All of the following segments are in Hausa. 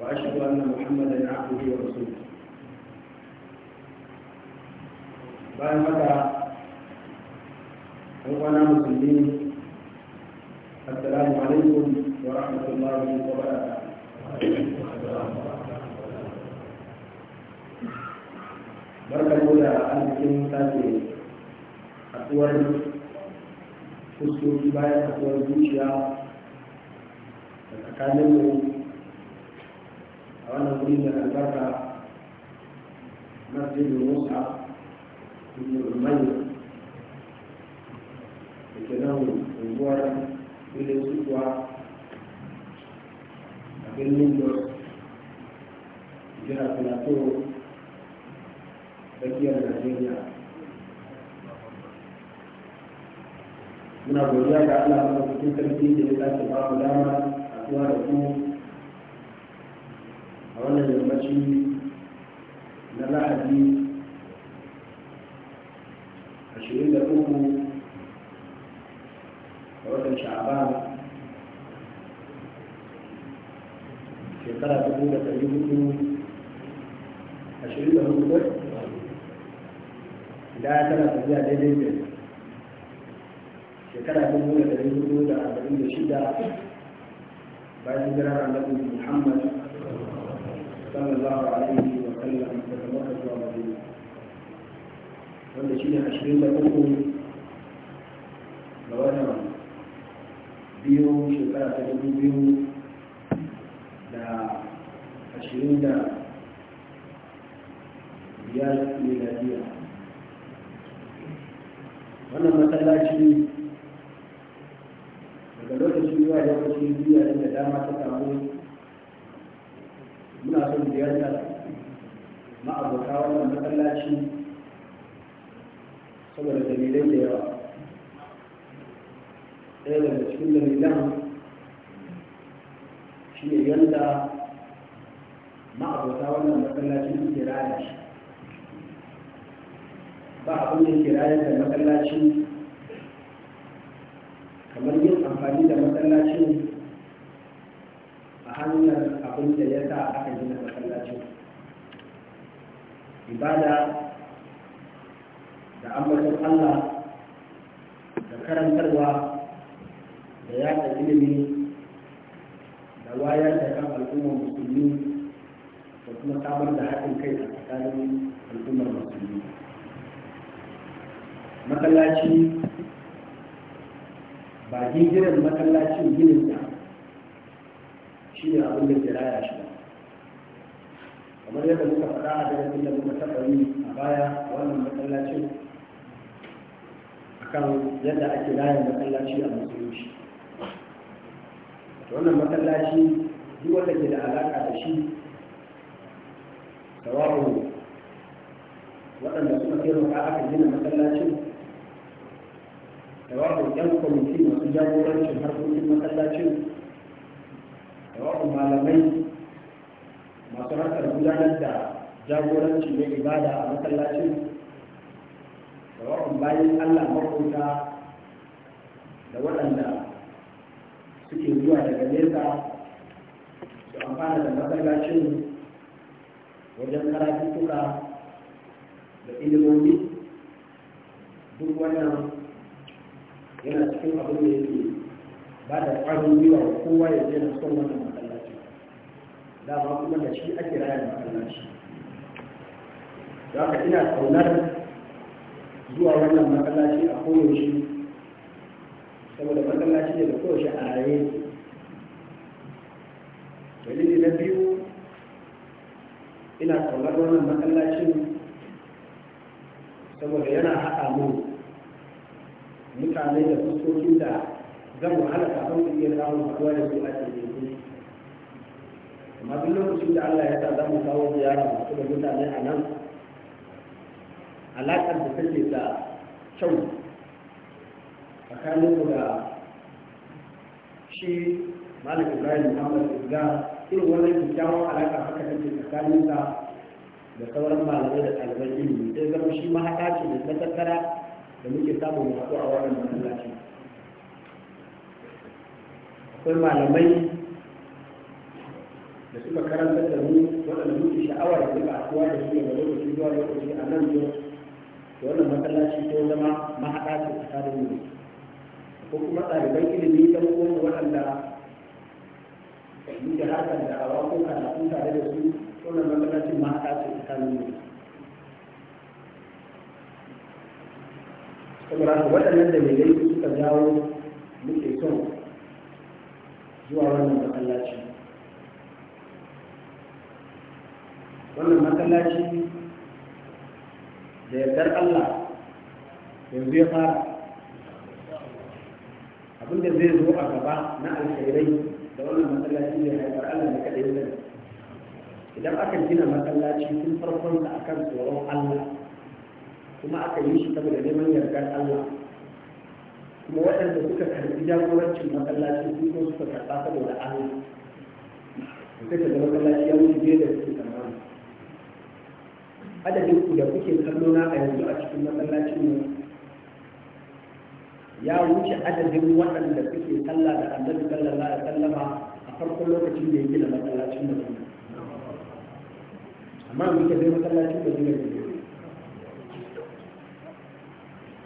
وأشهد أن محمدا عبده ورسوله بعد مدى أخوانا مسلمين السلام عليكم ورحمة الله وبركاته barkanmu da arzikin sake haɗuwar fuskoki bayan haɗuwar zuciya da tsakaninmu wannan wuri da albarka masjidin musa ibn umayya da ke nan unguwar filin sukuwa a birnin jos jira plateau tsakiyar najeriya muna godiya ga allah mafi sarki da ya sake ba dama a tuwa da kuma a wannan yammaci na lahadi 23 a watan sha'aban shekara 1424 da ya tana tafiya daidai da shekara ta da 1446 bayan jirar annabi muhammad sallallahu alaihi wa sallam daga maka zuwa madina wanda shi ne ashirin da uku ga wata biyu shekara ta dubu biyu da ashirin da biyar da miladiya wannan matsalaci daga lokacin zuwa lokacin biya da dama ta samu suna son ziyartar ma'abuta wannan matsalaci saboda dalilai da yawa ɗaya daga cikin dalilan shi ne yadda ma'abuta wannan matsalaci suke raya shi ba abin da ke rayar da matsalaci kamar yin amfani da matsalacin a hanyar abin da ya sa aka ibada da ambatar Allah da karantarwa da yada ilimi da wayar da kan al'ummar musulmi da kuma samar da haɗin kai a tsakanin al'ummar musulmi masallaci ba gingirin masallacin ginin da shi ne abin da ke raya shi kamar yadda muka faɗa a darasin da muka taɓa yi a baya wannan masallacin akan yadda ake layin matsalaci a musulunci wannan matsalaci duk wanda ke da alaƙa da shi sawa'u waɗanda suka rufa aka gina masallacin sawa'u yan kwamiti masu jagorancin harkokin masallacin sawa'u malamai masu harkar gudanar da jagoranci na ibada a masallacin wakon bayan allah makonta da waɗanda suke zuwa daga nesa su amfana da matsalacin wajen karatuttuka da ilimomi duk wannan yana cikin abin da yake ba da ƙwarin yiwa kowa ya je na son wannan dama kuma da shi ake raya masallaci don ina taunar zuwa wannan masallaci a koyaushe saboda masallaci ne da koyaushe a raye dalili na biyu ina taunar wannan masallacin saboda yana haɗa mu mutane da fuskokin da zan wahala kafin su iya samun haɗuwa da su a cikin amma duk lokacin da Allah ya sa za mu kawo ziyara masu da mutane a nan alaƙar da take da kyau tsakanin da shi malik ibrahim muhammad izga irin wannan kyakkyawan alaƙa haka take tsakanin da da sauran malamai da ɗaliban ilimi sai zama shi mahaɗa ce da tattara da muke samun haɗu a wannan masallaci akwai malamai da suka karanta da mu waɗanda muke sha'awar da suka haɗuwa da su daga lokaci zuwa lokaci a nan yau da wannan matsalaci ta zama mahaɗa ce tsakanin mu ko kuma ɗaliban ilimi ta kuma waɗanda muke harkar da awa ko karatu tare da su wannan matsalacin mahaɗa ce tsakanin mu saboda waɗannan da mai suka jawo muke son zuwa wannan matsalaci wannan masallaci da yardar Allah yanzu ya fara abinda zai zo a gaba na alkhairai da wannan masallaci ya haifar Allah ne kaɗai zai idan aka gina masallaci tun farkon da akan tsoron Allah kuma aka yi shi saboda neman yardar Allah kuma waɗanda suka karɓi jagorancin masallaci su ko suka karɓa saboda Allah sai ka da masallaci ya wuce da su adadin ku da kuke kallo na a yanzu a cikin masallacin mu ya wuce adadin waɗanda kuke sallah da annabi sallallahu alaihi wasallama a farkon lokacin da yake da masallacin mu amma mu ke zai masallacin da zuwa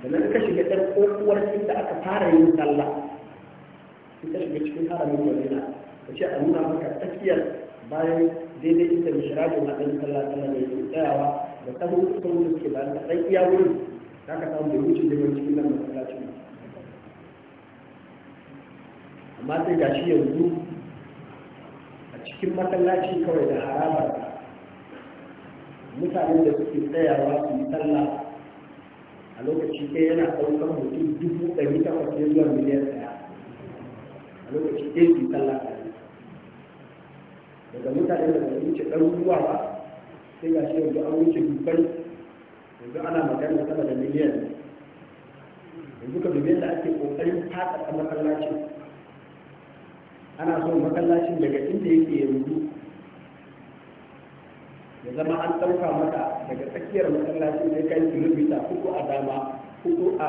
da nan ka shiga ɗan ƙoƙuwar inda aka fara yin sallah in ka shiga cikin haramin madina ka ce a nuna maka tsakiyar bayan daidai inda mishrajin haɗin sallah sallah mai tsayawa da tsaro ita wurin suke da na ɗan iya wurin ta ka samu da wuce da cikin nan masallacin amma sai ga shi yanzu a cikin matsalaci kawai da harama mutanen da suke tsayawa su yi sallah a lokaci ɗaya yana ɗaukar mutum dubu ɗari takwas ne zuwa miliyan ɗaya a lokaci ɗaya su yi sallah daga mutanen da ba su wuce ɗaruruwa ba sai ga shi yanzu an wuce dubai yanzu ana magana sama da miliyan yanzu ka dubi yadda ake kokarin fata masallacin ana so masallacin daga inda yake yanzu ya zama an ɗauka mata daga tsakiyar masallacin sai kai kilomita uku a dama uku a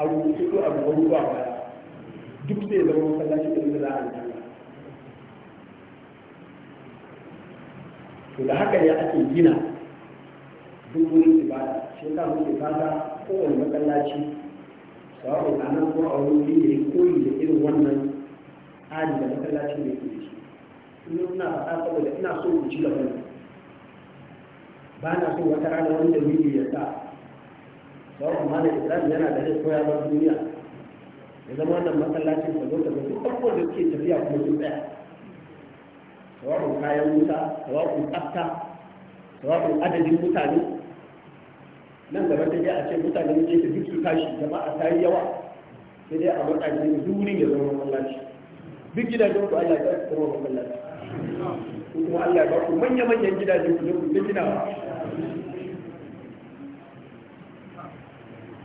hagu uku a ruwa baya duk sai zama masallacin da za a yi to da haka ne ake gina duk wurin ibada shi ka muke fata kowane matsalaci sawa'u a nan ko a wurin da ya koyi da irin wannan hali da matsalaci da ke da shi ina fata saboda ina so ku ci gaba ba na so wata rana wanda dalili ya sa sawa'u ma da islam yana da koya ba duniya ya zama wannan matsalacin ka zo ka zo duk da suke tafiya kuma sun tsaya sawa'un kayan wuta sawa'un tsafta sawa'un adadin mutane nan gaba ta a ce mutane ne da duk su tashi jama'a ta yi yawa sai dai a matsayin da duk wurin ya zama masallaci duk gidajen ku Allah ya ba ku zama masallaci ko kuma Allah ya ba ku manya-manyan gidajen ku ku ta ginawa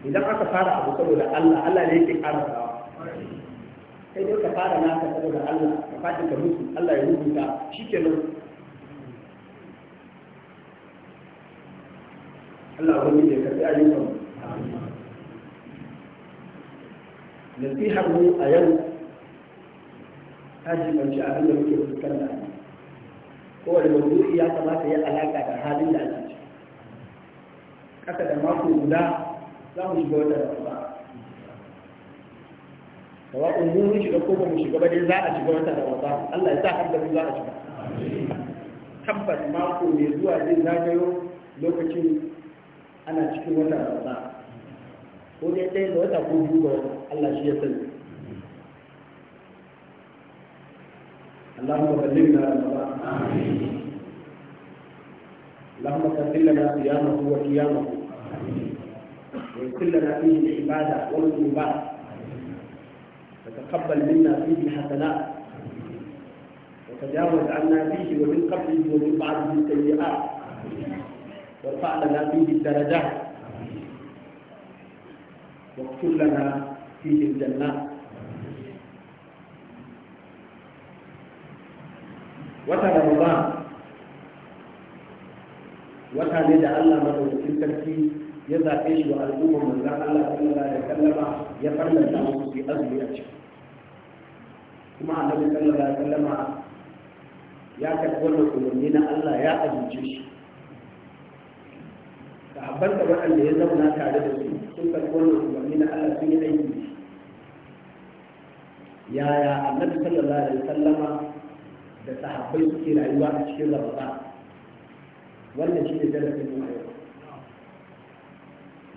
idan aka fara abu saboda Allah Allah ne yake karasa sai dai ka fara naka saboda Allah ka fadi ka mutu Allah ya rubuta shikenan Allah wani ne ka fi ayyukan nasihar mu a yau ta jibanci abin da muke fuskanta kowane mawdu'i ya kamata ya alaka da halin da ake ciki kasa da mako guda za mu shiga wata ramadan sawa'un mun shiga ko ba mu shiga ba dai za a shiga wata ramadan Allah ya sa har da mu za a shiga tabbas mako mai zuwa zai zagayo lokacin ana cikin wata ramadan ko dai ɗaya wata ko biyu ga wata Allah shi ya sani اللهم بلغنا رمضان اللهم كفر لنا صيامه وقيامه ويسر لنا فيه العباده والقربات وتقبل منا فيه الحسنات وتجاوز عنا فيه ومن قبله ومن بعده السيئات وارفع لنا فيه الدرجات واغفر لنا فيه الجنات وتر رمضان وتر لدى الله ما هو في التركيز يذا ايش وعلى الامم من الله الله تعالى يتكلم يفرد له في اذن اجل kuma annabi sallallahu alaihi wasallama ya karɓi wannan umarni na Allah ya azuce shi sahabban da wanda ya zauna tare da su sun karɓi wannan umarni na Allah sun yi aiki yaya annabi sallallahu alaihi wasallama da sahabbai suke rayuwa a cikin rabata wannan shi ne darasin mu yau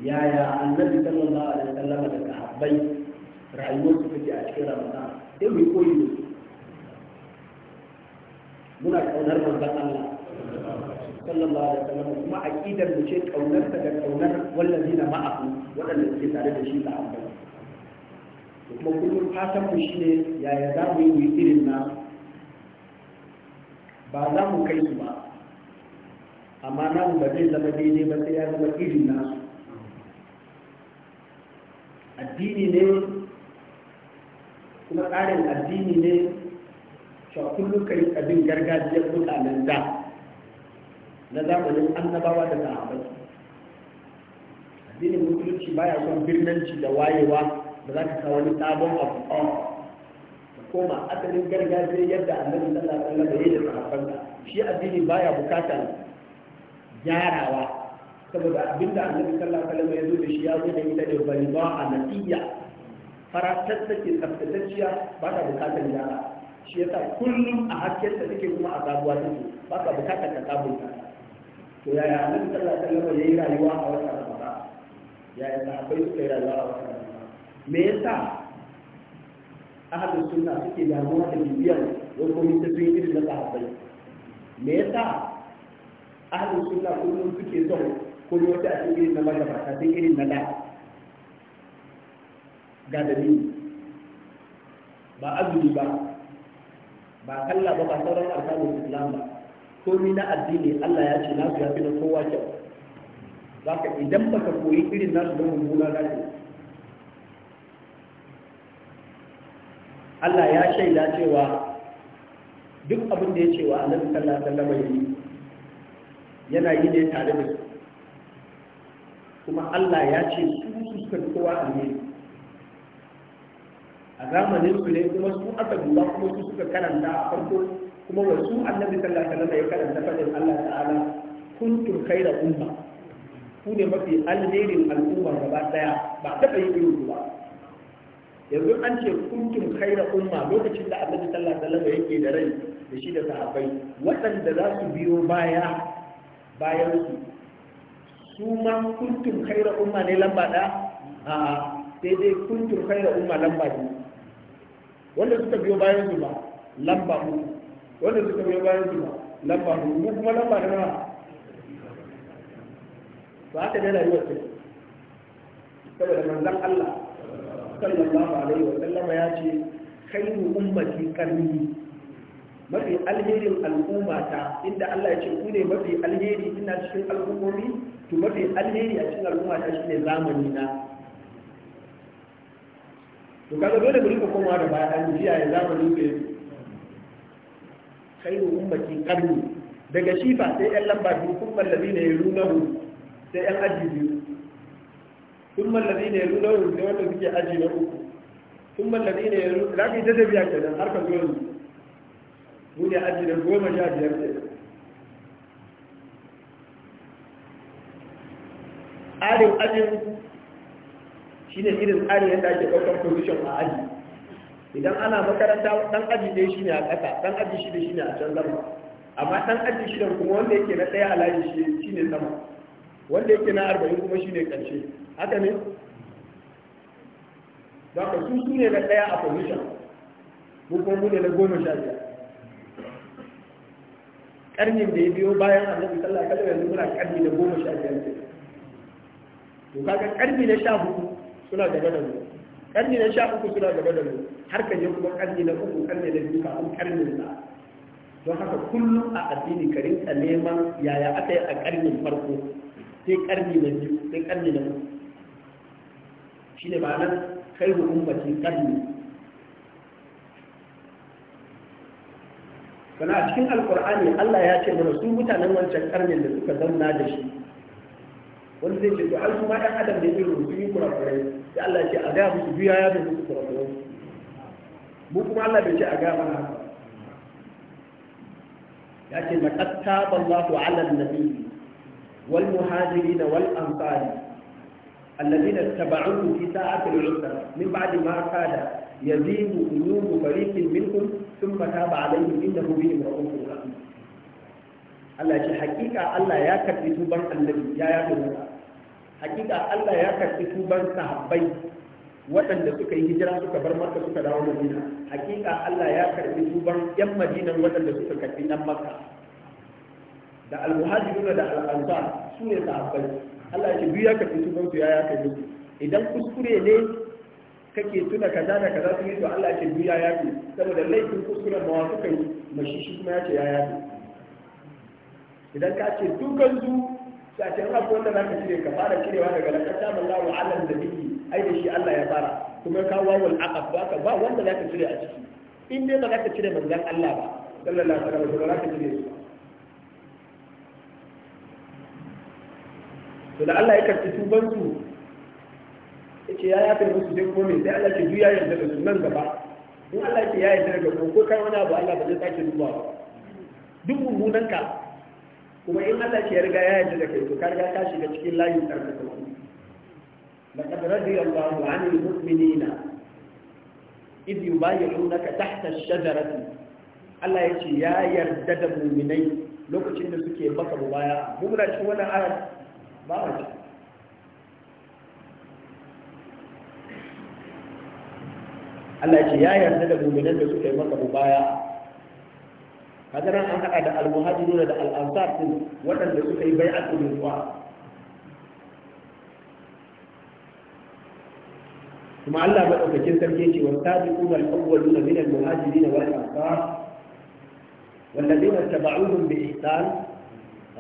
yaya annabi sallallahu alaihi wasallama da sahabbai rayuwar su take a cikin rabata sai mu yi koyi muna kaunar manzon Allah sallallahu alaihi wasallam kuma aqidar mu ce kaunar ta da kaunar wallazina ma'ahu wadanda suke tare da shi da Allah kuma kullum fatan mu shine yaya za mu yi irin na ba za mu kai su ba amma namu ba zai zama daidai ba sai ya zama irin nasu addini ne kuma tsarin addini ne cewa kullum kai abin gargajiyar mutanen da na zamanin annabawa da sahabai addinin musulunci baya son birnanci da wayewa da za ka kawo wani sabon abu da koma asalin gargajiyar yadda annabi sallallahu alaihi wasallam ya yi da shi addini baya bukatar gyarawa saboda abinda annabi sallallahu alaihi wasallam ya zo da shi ya zo da ita da ba a nasiya faratar take tsaftatacciya ba ta bukatar yara shi yasa kullum a hasken ta take kuma a sabuwa take ba ka bukatar ka sabunta to yaya annabi sallallahu alaihi wasallam yayi rayuwa a wata ramadan yaya sahabbai suka yi rayuwa a wata ramadan me yasa ahlus sunna suke damuwa da bibiyar wani komai ta sun yi irin na sahabbai me yasa ahlus sunna kullum suke son ko komai wata a cikin na magabata sai irin na da ga dalili ba azumi ba ba kalla ba ba sauran arkanin islam ba ko ni na addini Allah ya ce nasu ya fi na kowa kyau za ka idan baka koyi irin nasu don mummuna na ce Allah ya shaida cewa duk abin da ya ce wa annabi sallallahu alaihi wasallam yana yi ne tare da su kuma Allah ya ce su suka kowa alheri a zamanin su ne kuma su aka duba kuma su suka karanta a farko kuma wasu annabi sallallahu alaihi wasallam ya karanta fadin Allah ta'ala kuntum khayra umma ku ne mafi alherin al'umma gaba daya ba taɓa yin irin ba yanzu an ce kuntum khayra umma lokacin da annabi sallallahu alaihi wasallam yake da rai da shi da sahabbai waɗanda za su biyo baya bayan su su ma kuntum khayra umma ne lamba ɗaya a sai dai kuntum khayra umma lamba biyu wanda suka biyo bayan su ba lamba uku wanda suka biyo bayan su ba lamba uku mu kuma lamba na nawa ba haka dai rayuwar ce. saboda manzon Allah sallallahu alaihi wa sallam ya ce khairu ummati qarni mafi alherin al'umma ta inda Allah ya ce ku ne mafi alheri ina cikin al'ummomi to mafi alheri a cikin al'umma ta shine zamani na to kaga dole mu rika komawa da baya an jiya ya zamani ke khairu ummati qarni daga shifa sai yan lamba biyu kun mallabi ne ya nuna mu sai yan aji biyu kun mallabi ne ya nuna mu sai wanda suke aji na uku kun mallabi ne ya nuna za ka yi ta biya kenan har ka zo yanzu mu ne aji na goma sha biyar kenan adin ajin Shi ne irin tsarin yadda ake ɗaukar position a aji idan ana makaranta ɗan aji ne shi ne a ƙasa ɗan aji shi ne-shi ne a can zama. amma ɗan aji ne kuma wanda yake na ɗaya a shi ne sama wanda yake na arba'in kuma shi ne ƙarshe haka ne za ka su su ne na ɗaya a position bukwan mu ne na goma sha biyar ƙarnin da ya biyo bayan annabi sallallahu alaihi wasallam yanzu muna ƙarni na goma sha biyar to kaga ƙarni na sha hudu suna gaba da mu karni na sha uku suna gaba da mu har kan kuma karni na uku karni na biyu kafin karnin sa don haka kullum a addini ka rinka neman yaya aka yi a karnin farko sai karni na biyu sai karni na uku shi ne ma'anar kai ummati karni sana a cikin alkur'ani allah ya ce mana su mutanen wancan karnin da suka zauna da shi wani zai ce to ai kuma ɗan adam da yake rubutu yin kurakurai sai Allah ce a ga musu biya ya bai musu kurakurai mu kuma Allah bai ce a ga mana ya ce laqad taba Allahu 'ala nabi wal muhajirin wal ansari الذين اتبعوه في ساعة العسرة من بعد ما كاد يزيد قلوب فريق منهم ثم تاب عليهم إنه بهم رؤوف رحيم الله حقيقة الله يا كتب النبي يا يا hakika Allah ya karɓi tuban sahabbai waɗanda suka yi hijira suka bar maka suka dawo madina hakika Allah ya karɓi tuban yan madinan waɗanda suka karɓi nan maka da al-muhadi almuhajirun da al al-ansar su ne sahabbai Allah ya ce biyu ya karɓi tuban su ya ya kai idan kuskure ne kake tuna kaza da kaza su yi to Allah ya ce ya ya ce saboda laifin kuskure ma suka yi mashi shi kuma ya ce ya ya ce idan ka ce dukan su sashen abu wanda za ka cire ka fara cirewa daga lakata mallahu alam da biki ai da shi Allah ya fara kuma ka wawul aqab ba ba wanda za ka cire a ciki in dai ba za ka cire manzon Allah ba sallallahu alaihi wasallam za ka cire su to da Allah ya karɓi tuban su yace ya yafe musu sai kuma sai Allah ke juya yanzu da su nan gaba in Allah ke ya daga da ko kai wani abu Allah ba zai sake dubawa duk mummunan ka kuma in Allah ke riga ya kai to shiga cikin layin karkata laqad radiyallahu 'anil mu'minina إذ يبايعونك تحت الشجرة الله يجي يا يردد مؤمنين لو كنت سكي بك مبايع ممنا شو وانا آية بارج Allah ce ya yarda da muminan da suka yi baya. kaga nan an haɗa da almuhajirun da al'ansar din waɗanda suka yi bai'atu min ruwa kuma Allah madaukakin sarki ce wa sabiquna al-awwaluna min al-muhajirin wal ansar والذين اتبعوهم بإحسان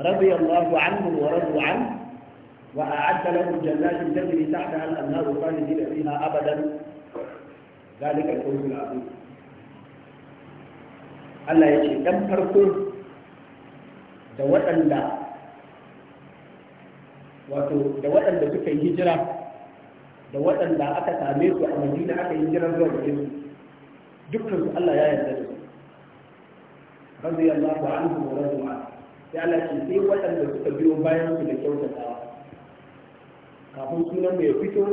رضي الله عنهم ورضوا عنه وأعد لهم جنات تجري تحتها الأنهار خالدين فيها أبدا ذلك الفوز العظيم Allah ya ce ɗan farko da waɗanda wato da waɗanda suka yi hijira da waɗanda aka same su a madina aka yi hijirar zuwa gare su dukkan su Allah ya yarda da su radiyallahu anhu wa radu an sai Allah ce sai waɗanda suka biyo bayan su da kyautatawa kafin sunan mai fito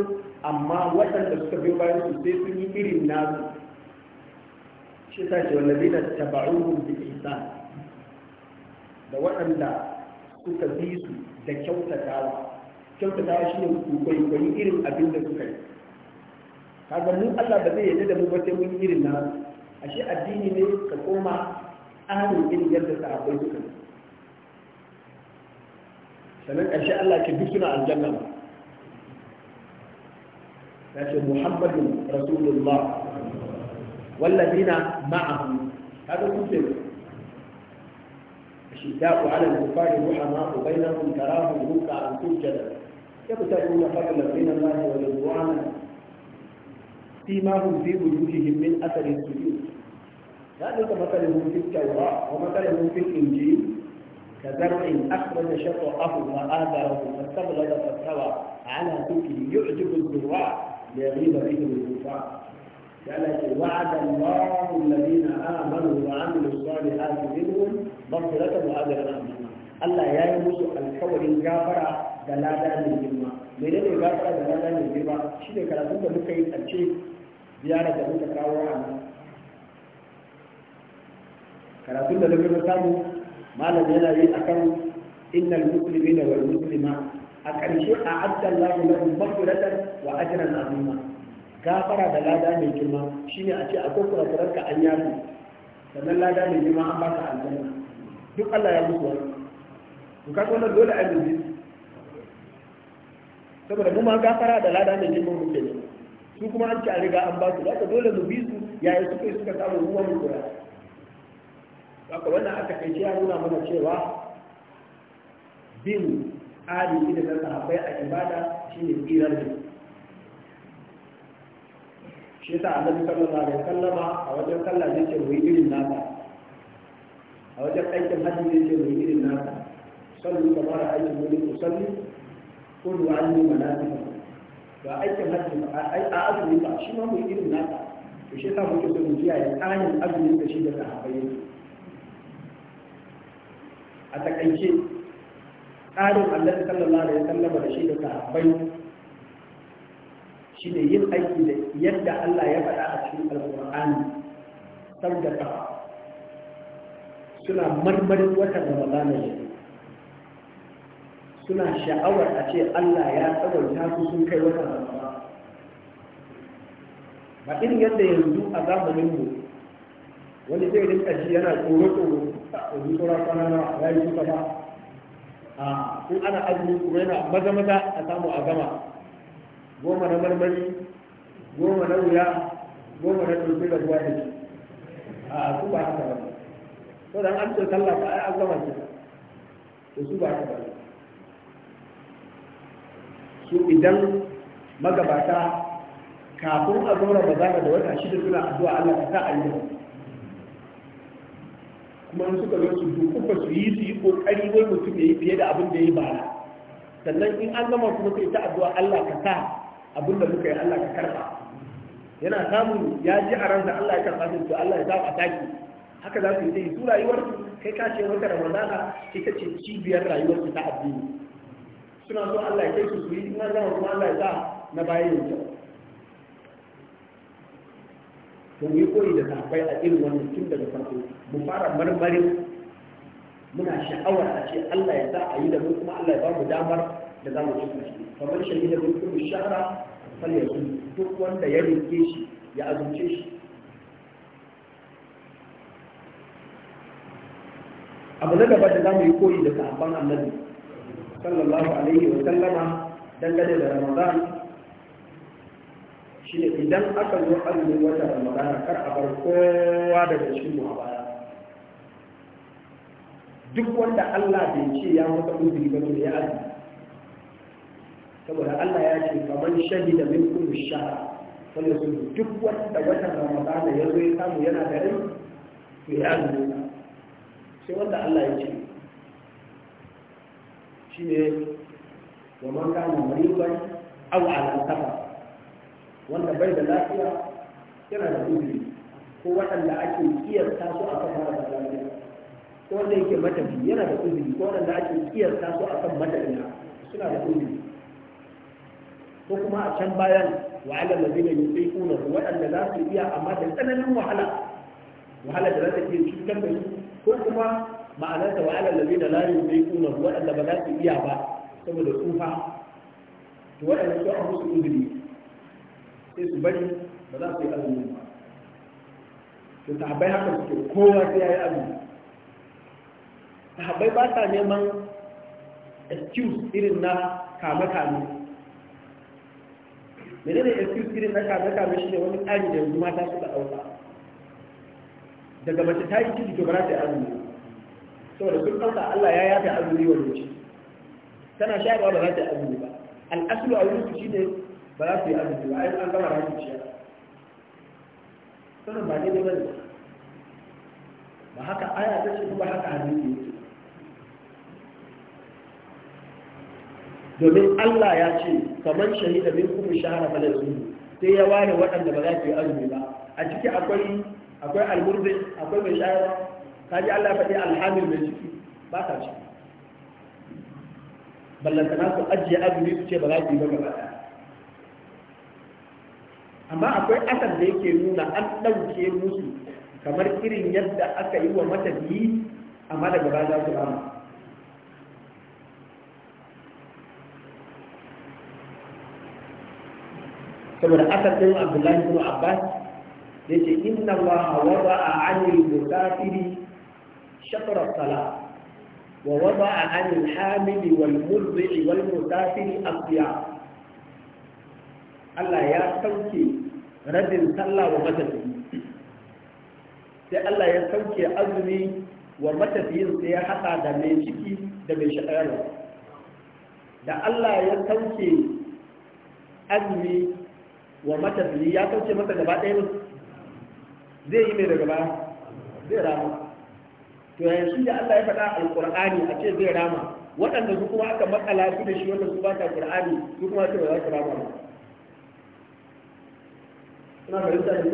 amma waɗanda suka biyo bayan su sai sun yi irin nasu shi ta ce wallabi da taba'uhum bi ihsan da waɗanda suka bi su da kyautatawa kyautatawa shi ne kwaikwayi irin abin da suka yi kaga mu Allah ba zai yadda da mu ba sai mun irin na ashe addini ne ka koma tsarin irin yadda sahabbai suka yi sannan ƙarshe Allah ke duk suna aljanna ba ya ce muhammadun rasulullah wallazina معهم هذا مسلم الشداء على الكفار رحماء بينهم تراهم ركعا سجدا يبتغون فضلا من الله ورضوانا هم في وجوههم من اثر السجود ذلك مثلهم في التوراه ومثلهم في الانجيل كزرع اخرج شطاه واثره فاستغلظ فاستوى على سكه يعجب الزراع ليغيب بهم الكفار قال وعد الله الذين آمنوا وعملوا الصالحات منهم مغفرة وأجرا عظيما الله يا يوسف الكون جافرة دلالة من جمع menene gafara da rana mai girma shi ne karatun da muka yi tsarce ziyara da muka kawo a nan karatun da muka samu malam yana yi akan innal muslimina wal muslima a ƙarshe a addan lahu lahum maghfiratan wa gafara da lada mai girma shine a ce akwai kurakurar ka an yafi sannan lada mai girma an baka aljanna duk Allah ya musu wani to kaga wannan dole a yi saboda mu ma gafara da lada mai girma muke ne su kuma an ci a riga an ba su zaka dole mu bi su yayin suka yi suka samu ruwan mu koya haka wannan aka kai ya nuna mana cewa bin ali da sahabbai a ibada shine tsirar ne shi yasa annabi sallallahu alaihi wasallama a wajen sallah yake mu yi irin nasa a wajen aikin hajji yake mu yi irin nasa sallu fara aikin mu ne ku sallu kullu anni manasika ba aikin hajji ba a azumi ba shi ma mu yi irin nasa to shi yasa muke so mu kiyaye tsarin azumi da shi da sahabbai a takaice tsarin annabi sallallahu alaihi wasallama da shi da sahabbai shine yin aiki da yadda Allah ya faɗa a cikin alƙur'ani saboda kafa suna marmarin watan ramadana ne suna sha'awar a ce Allah ya ta su sun kai watan ramadana ba irin yadda yanzu a mu wani zai rinka shi yana tsoro-tsoro yi tsora kwana na ya yi ba a in ana azumi kuma yana maza-maza a samu a gama goma na marmari goma na wuya goma na turbi da ruwa da a su ba haka ba to dan an ce sallah ba ai azama ce to su ba haka ba su idan magabata kafin a zo Ramadana da wata shida suna addu'a Allah ka sa ayyuka kuma in suka zo su dukufa su yi su yi kokari wai mutum ya yi fiye da abin da ya yi bara sannan in an gama kuma sai ta addu'a Allah ka sa abinda muka yi Allah ka karba yana samun ya ji a ran da Allah ya karba su Allah ya saba taki haka za su yi sai su rayuwar kai ka ce wata ramadana ita ce cibiyar rayuwar ta addini suna so Allah ya kai su su yi in an gama kuma Allah ya sa na bayan yanzu to mu yi koyi da sahabbai a irin wannan tun daga farko mu fara marmarin muna sha'awar a ce Allah ya sa a yi da mu kuma Allah ya ba mu damar da za mu ci kashi kamar shahida bin kuma shahara fal ya duk wanda ya rike shi ya azumce shi abu na gaba da za mu yi koyi da sahabban annabi sallallahu alaihi wa sallama dangane da ramadan ne idan aka zo azumin wata ramadana kar a bar kowa daga cikin mu a baya duk wanda Allah bai ce ya mutu uzuri ba to ya azumi saboda Allah ya ce kamar shahida min kuma shahr wanda su duk wanda watan Ramadan ya zo ya samu yana da rai to ya azumi sai wanda Allah ya ce Shi ne wa man kana mariban aw ala safar wanda bai da lafiya yana da uzuri ko waɗanda ake kiyarta su a kan mara lafiya ko wanda yake matafi yana da uzuri ko waɗanda ake kiyarta su a kan matafiya suna da uzuri ko kuma a can bayan wa ala ladina yutiquna waɗanda za su iya amma da tsananin wahala wahala da za ta iya cutar da su ko kuma ma'anarta wa ala ladina la yutiquna waɗanda ba za su iya ba saboda tsufa to waɗanda su an musu uzuri sai su bari ba za su yi azumi ba to sahabbai haka suke kowa sai ya yi azumi sahabbai ba sa neman excuse irin na kame-kame menene excuse irin na kaza kaza shi ne wani tsari da yanzu mata suka ɗauka daga mace ta yi ciki to ba za ta yi azumi saboda sun ɗauka Allah ya yafe azumi wa mace tana shayarwa ba za ta yi azumi ba al'asulu a wurin shi ne ba za su yi azumi ba ai an gama rashin ciya sanin ba daidai ba ne ba haka aya ta ce ba haka hadisi ne domin Allah ya ce kamar shahida min kuma shahara falazuni sai ya ware waɗanda ba za su yi azumi ba a ciki akwai akwai almurbin akwai mai shayarwa kaji Allah faɗi alhamil mai ciki ba ka ci ballantana su ajiye azumi su ce ba za su yi ba gaba ɗaya amma akwai asar da yake nuna an ɗauke musu kamar irin yadda aka yi wa matafiyi amma daga baya za su rama saboda asar din abdullahi ibn abbas yace inna allaha wada'a 'anil musafiri shatra salat ووضع عن الحامل والمرضع والمسافر الصيام Allah ya sauke rabin sallah wa matafiyi sai Allah ya sauke azumi wa matafiyin sai ya haɗa da mai ciki da mai shayarwa da Allah ya sauke azumi wa matafiyi ya kauce masa gaba ɗaya ba zai yi mai daga baya zai rama to yayin shi da Allah ya faɗa alqur'ani a ce zai rama waɗanda su kuma aka matsala su da shi wanda su ba ta qur'ani su kuma ce ba za su rama ba ina fahimta ne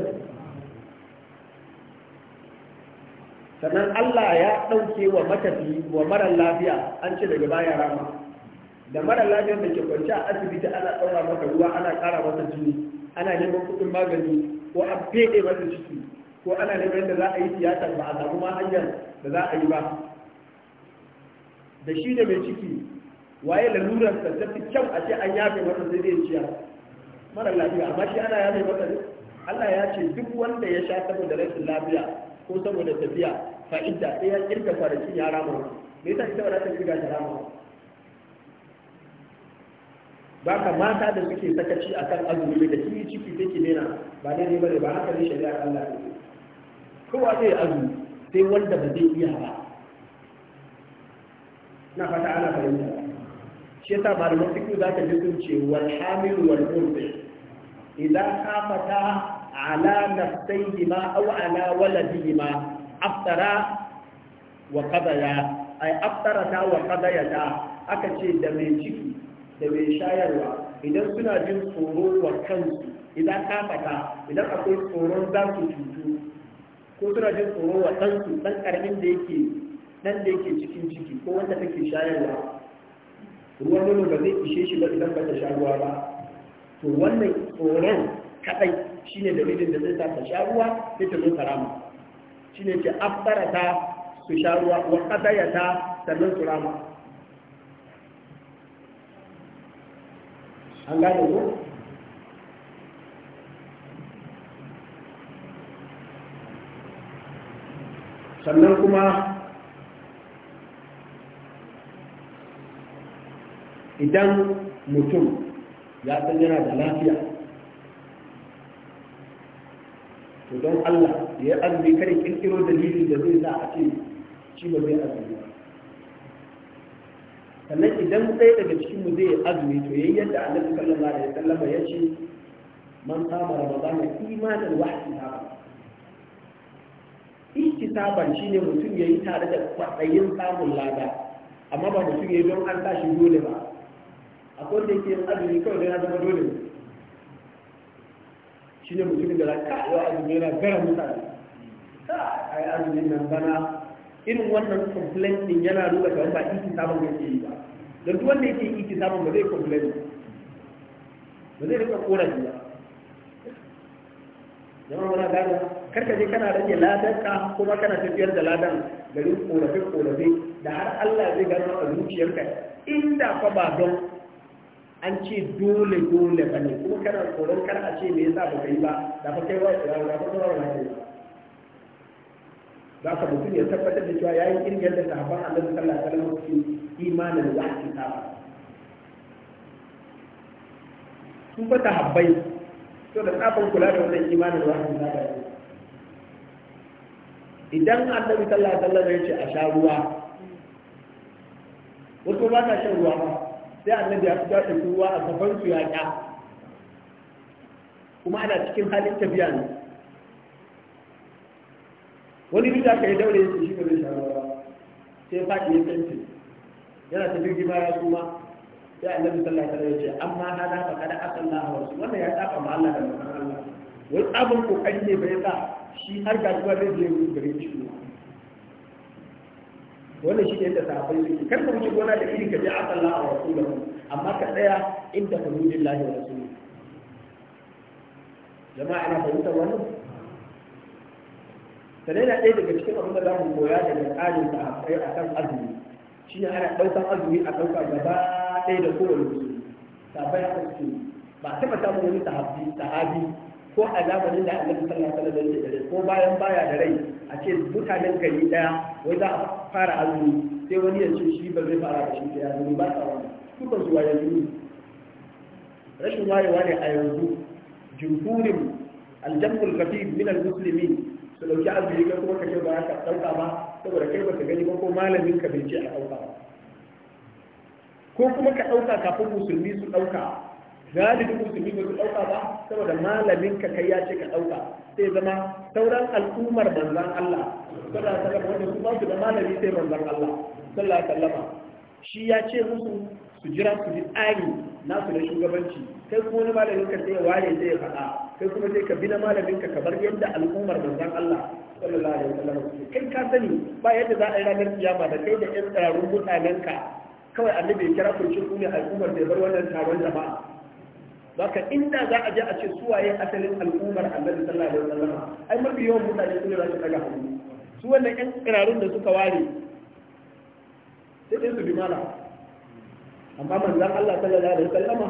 sannan Allah ya ɗauke wa matafi wa marar lafiya an ce daga baya rama da marar lafiyar da ke kwanci a asibiti ana ɗaura maka ruwa ana ƙara masa jini ana neman kuɗin magani ko an fede masa ciki ko ana neman yadda za a yi tiyatar ba a samu ma hanyar da za a yi ba da shi da mai ciki waye lalurar sa ta fi kyau a ce an yafe masa sai zai ciya mara lafiya amma shi ana yafe masa Allah ya ce duk wanda ya sha saboda rashin lafiya ko saboda tafiya fa'ida sai ya kirka kwanakin ya rama me yasa ita ba za ta kirga ta rama ba ka mata da suke sakaci akan azumi da kiri ciki take daina ba ne bane ba haka ne shari'a Allah ne kowa zai azumi sai wanda ba zai iya ba na fata ana fahimta shi yasa malaman fiqh za ka ji sun ce wal hamil wal murdi idan aftara wa qadaya أو aftara ta wa qadaya ta aka ce da mai ciki da mai shayarwa idan suna jin tsoro wa kansu idan ka fata idan akwai tsoron za su cutu ko suna jin tsoro wa ɗansu ɗan ƙaramin da yake ɗan da yake cikin ciki ko wanda take shayarwa ruwan nono ba zai ishe shi ba idan ba ta sha ruwa ba to wannan tsoron kaɗai shine dalilin da zai sa ta sha ruwa sai ta zo ta rama shine ce aftarata su sha ruwa wa qadayata sannan su rama an gane ko sannan kuma idan mutum ya san yana da lafiya to don Allah ya azumi kada kirkiro dalilin da zai sa a ce shi ba zai arziki sannan idan ɗaya daga cikin mu zai azumi to yayi yadda annabi sallallahu alaihi wasallam ya ce man sama ramadan imanan wahdi haba ihtisaban shine mutum yayi tare da kwadayin samun lada amma ba mutum yayi don an tashi dole ba akwai da yake azumi kawai da ya zama dole ne shine mutum da ka yi azumi yana gara mutane ta ai azumin nan bana irin wannan complaint din yana nuna kamar ba iki sabon da yake yi ba don duk wanda yake iki sabon ba zai complain ba zai rika korafi ba jama'a wani gano karka je kana rage ladanka kuma kana tafiyar da ladan garin korafe korafe da har Allah zai gano a zuciyarka inda fa ba don an ce dole dole ba ne kuma kana tsoron kar a ce me yasa ba kai ba da fa kai wa da fa kai wa za ka mutum ya tabbatar da cewa ya yi irin yadda sahabban Allah sallallahu alaihi wasallam su imanin ta ba. sun ta habbai to da tsafin kula da wannan imanin ta ba. idan annabi sallallahu alaihi wasallam ya ce a sha ruwa wasu ba ka shan ruwa ba sai annabi ya fita da ruwa a kafan su ya kuma ana cikin halin tafiya ne wani duk ka aka yi daure yake shi ba zai shara ba sai faɗi ya tsanci yana ta jirgin baya kuma sai annabi sallallahu alaihi wasallam ya ce amma hada fa kada asallahu wa su wannan ya tsafa ma Allah da manzon Allah wani tsabon kokari ne bai sa shi har ga kuma zai je gurin gare shi wannan shi ne da sahabbai suke kar ka wuce gona da iri ka je asallahu da rasul amma ka tsaya inda hududillahi wa su jama'a ina fahimtar wannan sannan yana ɗaya daga cikin abin da za mu koya daga tsarin da akwai a kan azumi shi ne ana ɗaukar azumi a ɗauka gaba ɗaya da kowane musulmi sabai a kan ba a taɓa samun wani sahabi sahabi ko a zamanin da annabi sallallahu alaihi wasallam da da ko bayan baya da rai a ce mutanen gari ɗaya wai za a fara azumi sai wani ya ce shi ba zai fara da shi ya azumi ba sa wani dukan zuwa yanzu rashin wayewa ne a yanzu jumhurin aljamul kafi, min almuslimin su dauki azumi ka kuma ka ce ba ka dauka ba saboda kai baka gani ba ko malamin ka bai ce a dauka ba ko kuma ka dauka kafin musulmi su dauka galibi musulmi ba su dauka ba saboda malamin ka kai ya ce ka dauka sai zama sauran al'ummar banzan Allah alaihi wasallam wanda su ba su da malami sai banzan Allah sallallahu alaihi wasallam shi ya ce musu su jira su ji tsari na su da shugabanci kai kuma wani malamin ka sai ware zai ya faɗa kai kuma sai ka bi na malamin ka kamar yadda al'ummar manzon Allah sallallahu alaihi wasallam kai ka sani ba yadda za a yi ranar kiyama da kai da ƴan tsararrun mutanen ka kawai annabi ya kira ku ce ku ne al'ummar da ya bar wannan taron jama'a baka inda za a je a ce suwaye asalin al'ummar annabi sallallahu alaihi wasallam ai mafi yawan mutane su ne za su kaga hannu su wannan ƴan tsirarun da suka ware sai dai su bi malam amma zan Allah sallallahu alaihi wasallama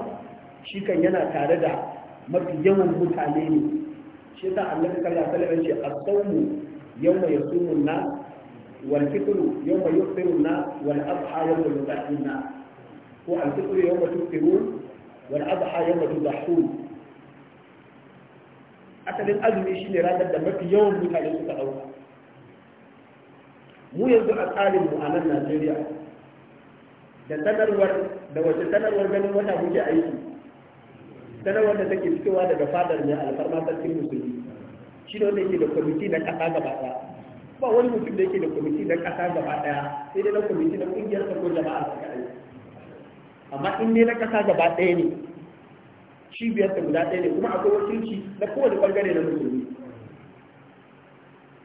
shi kan yana tare da mafi yawan mutane ne shi yasa Allah sallallahu alaihi wasallam ya ce as yawma yasumu an wal fitru yawma yufiru an wal adha yawma yudhahirun na. ko al-fitru yawma tufirun wal adha yawma tudhahun asalin azumi shi ne ranar da mafi yawan mutane suka dauka mu yanzu a tsarin mu a nan najeriya da sanarwar da wace sanarwar ganin wata muke aiki sanarwar da take fitowa daga fadar mai alfarma cikin musulmi shi ne wanda yake da kwamiti na ƙasa gaba ɗaya ba wani mutum da yake da kwamiti na ƙasa gaba ɗaya sai dai na kwamiti na ƙungiyar ko jama'a ta aiki. amma in dai na ƙasa gaba ɗaya ne cibiyar ta guda ɗaya ne kuma akwai wakilci na kowane ɓangare na musulmi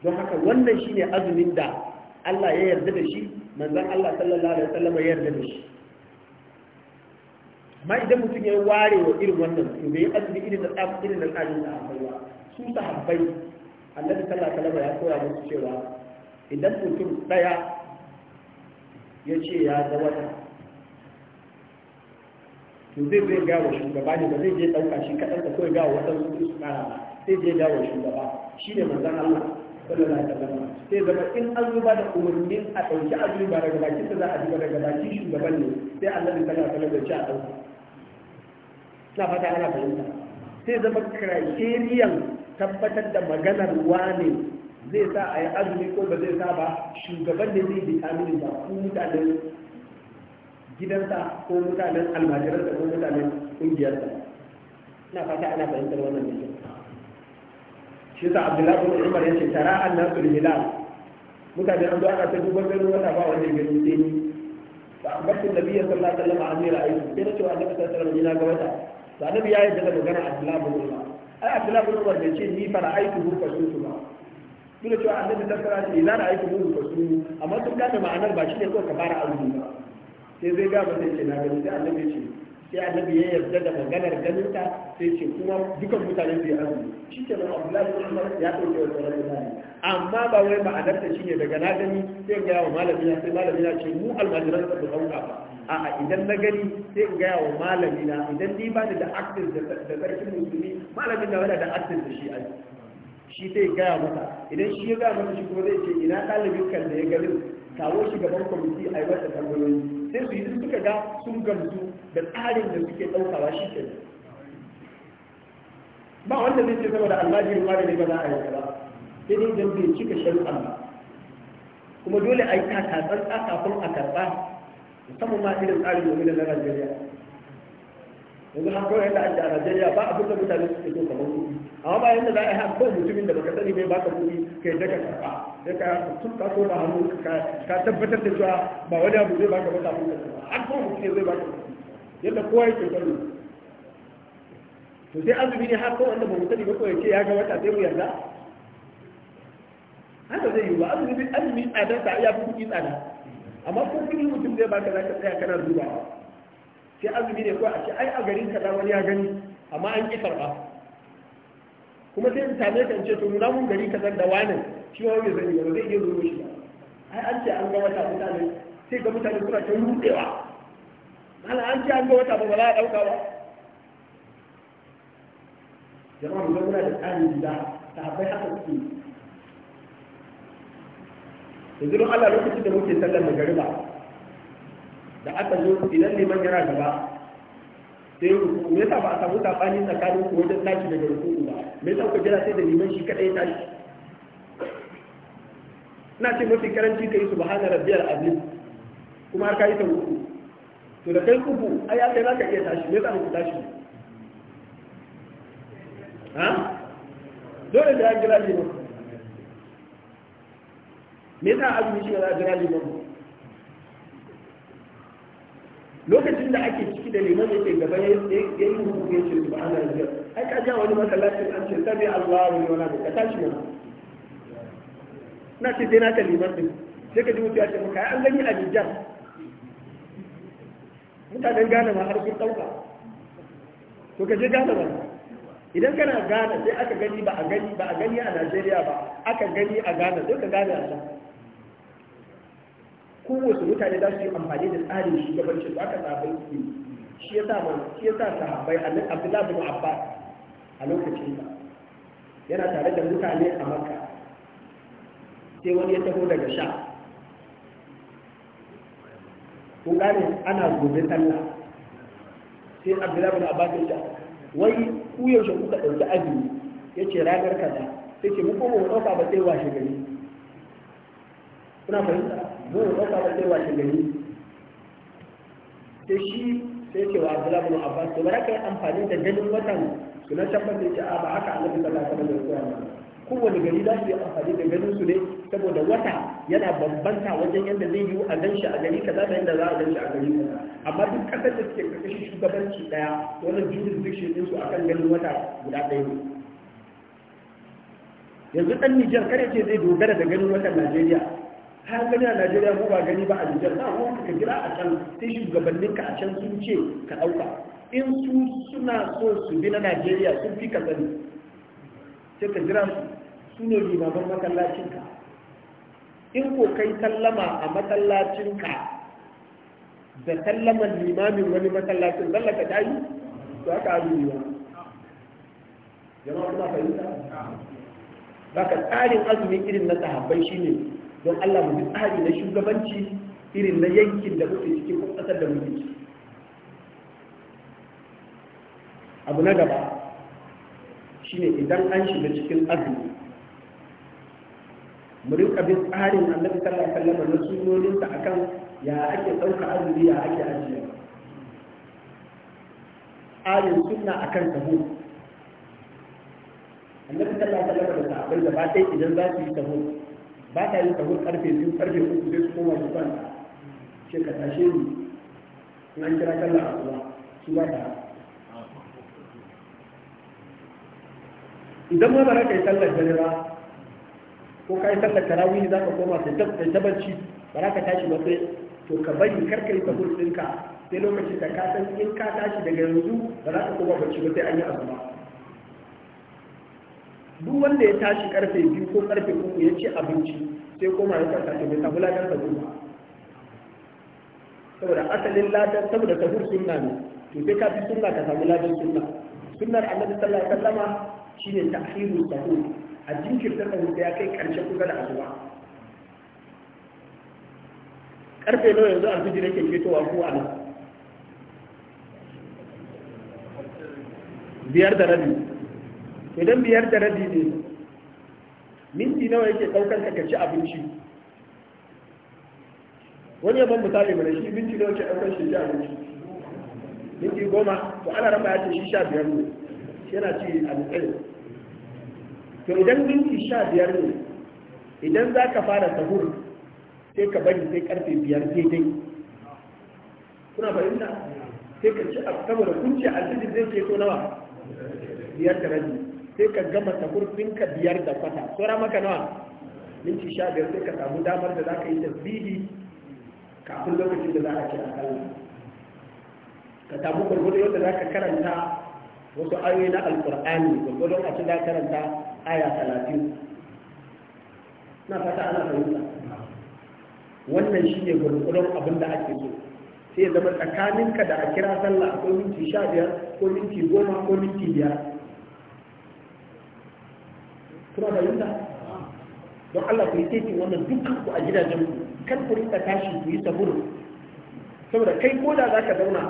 don haka wannan shine azumin da Allah ya yarda da shi Manzan Allah sallallahu alaihi wasallam ya yarda da shi amma idan mutum ya ware wa irin wannan to bai azumi irin da tsafi irin da tsafi da abuwa su habbai annabi sallallahu alaihi wasallam ya koya musu cewa idan mutum daya ya ce ya ga wata to zai zai gawa shugaba ne ba zai je ɗauka shi kaɗan ko ya gawa wasan su ƙara ba sai je gawa shugaba shi ne manzan Allah sallallahu alaihi wasallam sai zama in an ba da umarnin a ɗauki azumi ba daga bakin sa za a duba daga bakin shugaban ne sai Allah ne sallallahu alaihi wasallam ya a ɗauka na fata ana fahimta sai zama criterion tabbatar da maganar wane zai sa a yi azumi ko ba zai sa ba shugaban ne zai bi amini ba ko mutanen gidansa ko mutanen almajiransa ko mutanen ƙungiyarsa na fata ana fahimtar wannan da shi sa abdullahi bin umar yace tara annasul hilal mutane an zo ana ta duban gani wata ba wanda ya gani sai ni fa abbatu nabiy sallallahu alaihi wasallam amira ayi sai na ce annabi sallallahu alaihi wasallam ina ga wata to annabi ya yarda da magana abdullahi bin umar ai abdullahi bin umar bai ce ni fara aiki hu fasutu ba duk da cewa annabi sallallahu alaihi wasallam ila da aiki hu fasutu amma sun gane ma'anar ba shi ne ko ka fara aiki ba sai zai ga ba sai ce na gani sai annabi ce sai annabi ya yarda da maganar ganin ta sai ce kuma dukan mutane su yi azumi shi ke nan abdullahi umar ya ɗauke wa sauran mutane amma ba wai ma'anarta shi ne daga na gani sai in gaya wa malami na sai malami na ce mu almajiran da hauka ba a'a idan na gani sai in gaya wa malami na idan ni ba ni da aktin da sarkin musulmi malamina na wani da aktin da shi ai shi sai gaya masa idan shi ya gaya masa shi kuma zai ce ina ɗalibin kan da ya gani kawo shi kwamiti a yi wata tambayoyi sai su yi suka ga sun gamsu da tsarin da suke ɗaukawa shi ke ba wanda zai ce saboda da ne ba za a yi ba sai dai idan bai cika shari'a ba kuma dole a yi takatsantsa kafin a karɓa musamman ma irin tsarin domin na Najeriya yanzu har kawai yadda a Najeriya ba abin da mutane suke so kamar kuɗi amma ba yadda za a yi har kawai mutumin da baka sani bai baka kuɗi kai daga karɓa sai ka tun ka so da hannu ka tabbatar da cewa ba wani abu zai baka mata abin da har kawai mutum zai baka kuɗi yadda kowa yake sani to sai azumi ne har kawai wanda ba mu sani ba kawai ce ya ga wata sai mu yarda haka zai yi ba azumi azumi tsadar ta iya fi kuɗi tsada amma ko kuɗi mutum zai baka za ka tsaya kana dubawa sai azumi ne kawai a ce ai a garin kaza wani ya gani amma an ƙi karɓa kuma sai in same ka in ce to nuna mun gari kaza da wani shi ma wani zai yi zai iya zo shi ai an ce an ga wata mutane sai ga mutane suna ta rudewa mana an ce an ga wata ba ba za a ɗauka ba jama'a mu muna da tsarin gida ta haɓai haka suke yanzu don Allah lokacin da muke sallar magariba da aka zo idan neman yana gaba sai ruku me yasa ba a samu sabani tsakanin ku wajen tashi daga ruku ba me yasa ku jira sai da neman shi kadai tashi ina ce mafi karanci kai subhana rabbiyal azim kuma har kai ta ruku to da kai uku ai ya kai zaka iya tashi me yasa ku tashi ha dole da ya jira limon me yasa azumi shi ya jira ba lokacin da ake ciki da neman ya ke gaba ya yi hukuku ya ce ba ana yi ai ka ja wani masallacin an ce sabi allah ne wani abu ka tashi mana na ce sai na ka liman din sai ka ji mutu ya ce maka an gani a nijar mutanen gane ma har kun ɗauka to ka je gane ba idan kana gane sai aka gani ba a gani ba a gani a najeriya ba aka gani a gane sai ka gane a can kowace mutane za su yi amfani da tsarin shugabanci ba ka sabai su shi ya sa shi ya sa sahabbai annabi Abdullah bin Abbas a lokacin sa yana tare da mutane a Makka sai wani ya taho daga sha ko gane ana gobe sallah sai Abdullah bin Abbas ya ce wai ku yaushe kuka dauki azumi ce ranar kaza sai ce mu koma mu dauka ba sai washe gari kuna fahimta mu ɗauka da sai washe gari sai shi sai ce wa Abdullahi bin Abbas to bara kai amfani da ganin watan su na tabbatar da a ba haka Annabi sallallahu Allah wasallam ya koya kowane gari za su yi amfani da ganin su ne saboda wata yana bambanta wajen yadda zai yi a ganshi a gari kaza da yadda za a ganshi a gari kaza amma duk kasar da suke karkashin shugabanci daya wannan jurisdiction din su akan ganin wata guda ɗaya ne yanzu ɗan Nijar kare ce zai dogara da ganin watan Najeriya har gani a najeriya ko ba gani ba a nijar ba ko ka jira a can sai shugabannin ka a can sun ce ka ɗauka in su suna so su bi na najeriya sun fi ka sani sai ka jira su ne limaman masallacinka in ko kai sallama a masallacinka da sallaman limamin wani masallacin zallaka ta yi to haka abin yi ba jama'a kuma fahimta ba ka tsarin azumin irin na sahabbai shine don Allah mu tsari na shugabanci irin na yankin da muke cikin ko kasar da muke ciki abu na gaba shine idan an shiga cikin azumi mu rinka bin tsarin annabi sallallahu alaihi wasallam na sunnoninsa akan ya ake ɗauka azumi ya ake ajiye tsarin sunna akan tabu annabi sallallahu alaihi wasallam da sahabbai da ba sai idan za su yi tabu ba ta yin sahur karfe biyu karfe uku zai su koma su kwanta ce ka tashe ni in an kira kalla a kuma su ba ta idan ma ba ka yi sallar dare ba ko ka yi sallar tarawih za ka koma sai ta bacci ba za ka tashi ba sai to ka bari kar ka yi sahur ɗinka sai lokacin da ka san in ka tashi daga yanzu ba za ka koma bacci ba sai an yi abu ba. duk wanda ya tashi karfe biyu ko karfe uku ya ci abinci sai koma ya kwanta ta bai samu ladan sahur ba saboda asalin ladan saboda sahur sunna ne to sai ka fi sunna ka samu ladan sunna sunnar annabi sallallahu alaihi wasallama shine ta'khiru sahur a jinkirta sahur da ya kai karshen kusa da azuwa karfe nawa yanzu alfijir yake fitowa ko a nan biyar da rabi idan biyar da rabi ne minti nawa yake ɗaukar ka ka ci abinci wani yaban misali mana shi minti nawa ke ɗaukar shi ci abinci minti goma to ana raba ya ce shi sha biyar ne yana ci a nutsayi to idan minti sha biyar ne idan za ka fara sahur sai ka bari sai karfe biyar daidai kuna fahimta sai ka ci a kunci a cikin zai ke so nawa biyar da rabi sai ka gama kurfin ka biyar da kwata tsora maka nawa minti sha biyar sai ka samu damar da za ka yi tasbihi kafin lokacin da za a kira sallah ka samu gwargwado yadda za ka karanta wasu ayoyi na alkur'ani gwargwado a cikin za karanta aya talatin na fata ana fahimta wannan shi ne gwargwadon abin da ake so sai zama tsakaninka da a kira sallah ko minti sha biyar ko minti goma ko minti biyar kuna fahimta don Allah ku yi tekin wannan dukkan ku a gidajen ku kan ku rinka tashi ku yi saburu saboda kai ko da za ka zauna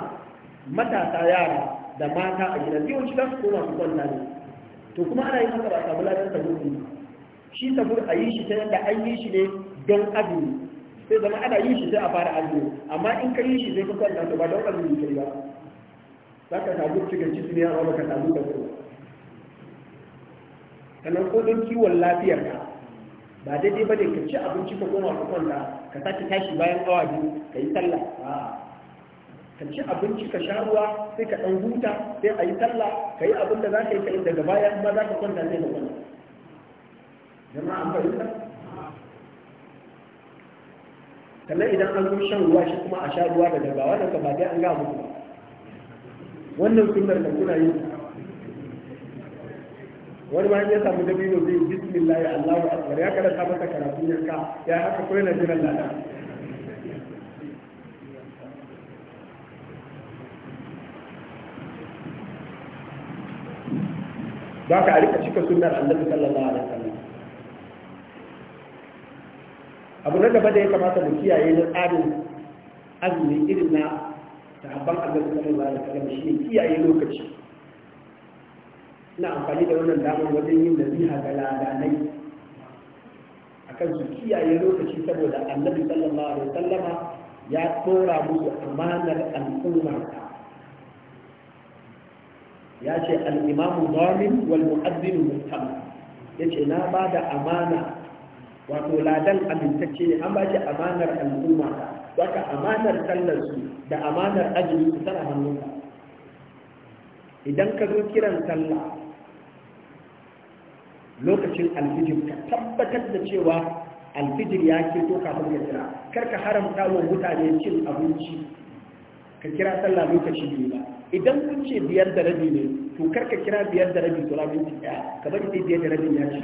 matasa yara da mata a gidan yawanci za su koma su kwanta ne to kuma ana yin haka ba a samu ladan saburu ne shi sabur a yi shi ta yadda an yi shi ne don azumi sai zama ana yi shi sai a fara azumi amma in ka yi shi sai ka kwanta to ba don azumi ke ba za ka samu cikin cikin yara ba ka samu kuma kamar ko don kiwon lafiyar ka, ba daidai ba ne ka ci abinci ka koma ka kwanta ka sake tashi bayan awa biyu ka yi sallah ka ci abinci ka sha ruwa sai ka ɗan huta sai a yi sallah ka yi abin da za ka yi ka yi daga baya ba za ka kwanta sai ka kwanta jama'a an fahimta kamar idan an zo shan ruwa shi kuma a sha ruwa da daga wannan ka ba dai an ga muku wannan sunnar da kuna yi wani ma ya samu dabino zai bismillah Allahu akbar ya kada ta mata karatu yanka ya haka kawai na jiran lada ba ka alika cika sunnar annabi sallallahu alaihi wasallam abu na gaba da ya kamata mu kiyaye na tsarin azumi irin na ta sahabban annabi sallallahu alaihi wasallam shi kiyaye lokaci ina amfani da wannan damar wajen yin nasiha ga ladanai akan su kiyaye lokaci saboda annabi sallallahu alaihi wasallama ya tsora musu amanar al'umma ya ce al'imamu zalim wal mu'azzin mutam ya ce na ba da amana wato ladan amintacce ne an ba shi amanar al'umma waka amanar sallarsu da amanar su tana hannunka idan ka zo kiran sallah lokacin alfijir ka tabbatar da cewa alfijir ya ke to kafin ya kira kar ka haramta wa mutane cin abinci ka kira sallah lokaci biyu ba idan kun ce biyar da rabi ne to kar ka kira biyar da rabi to rabin ci ka bari sai biyar da rabin ya ci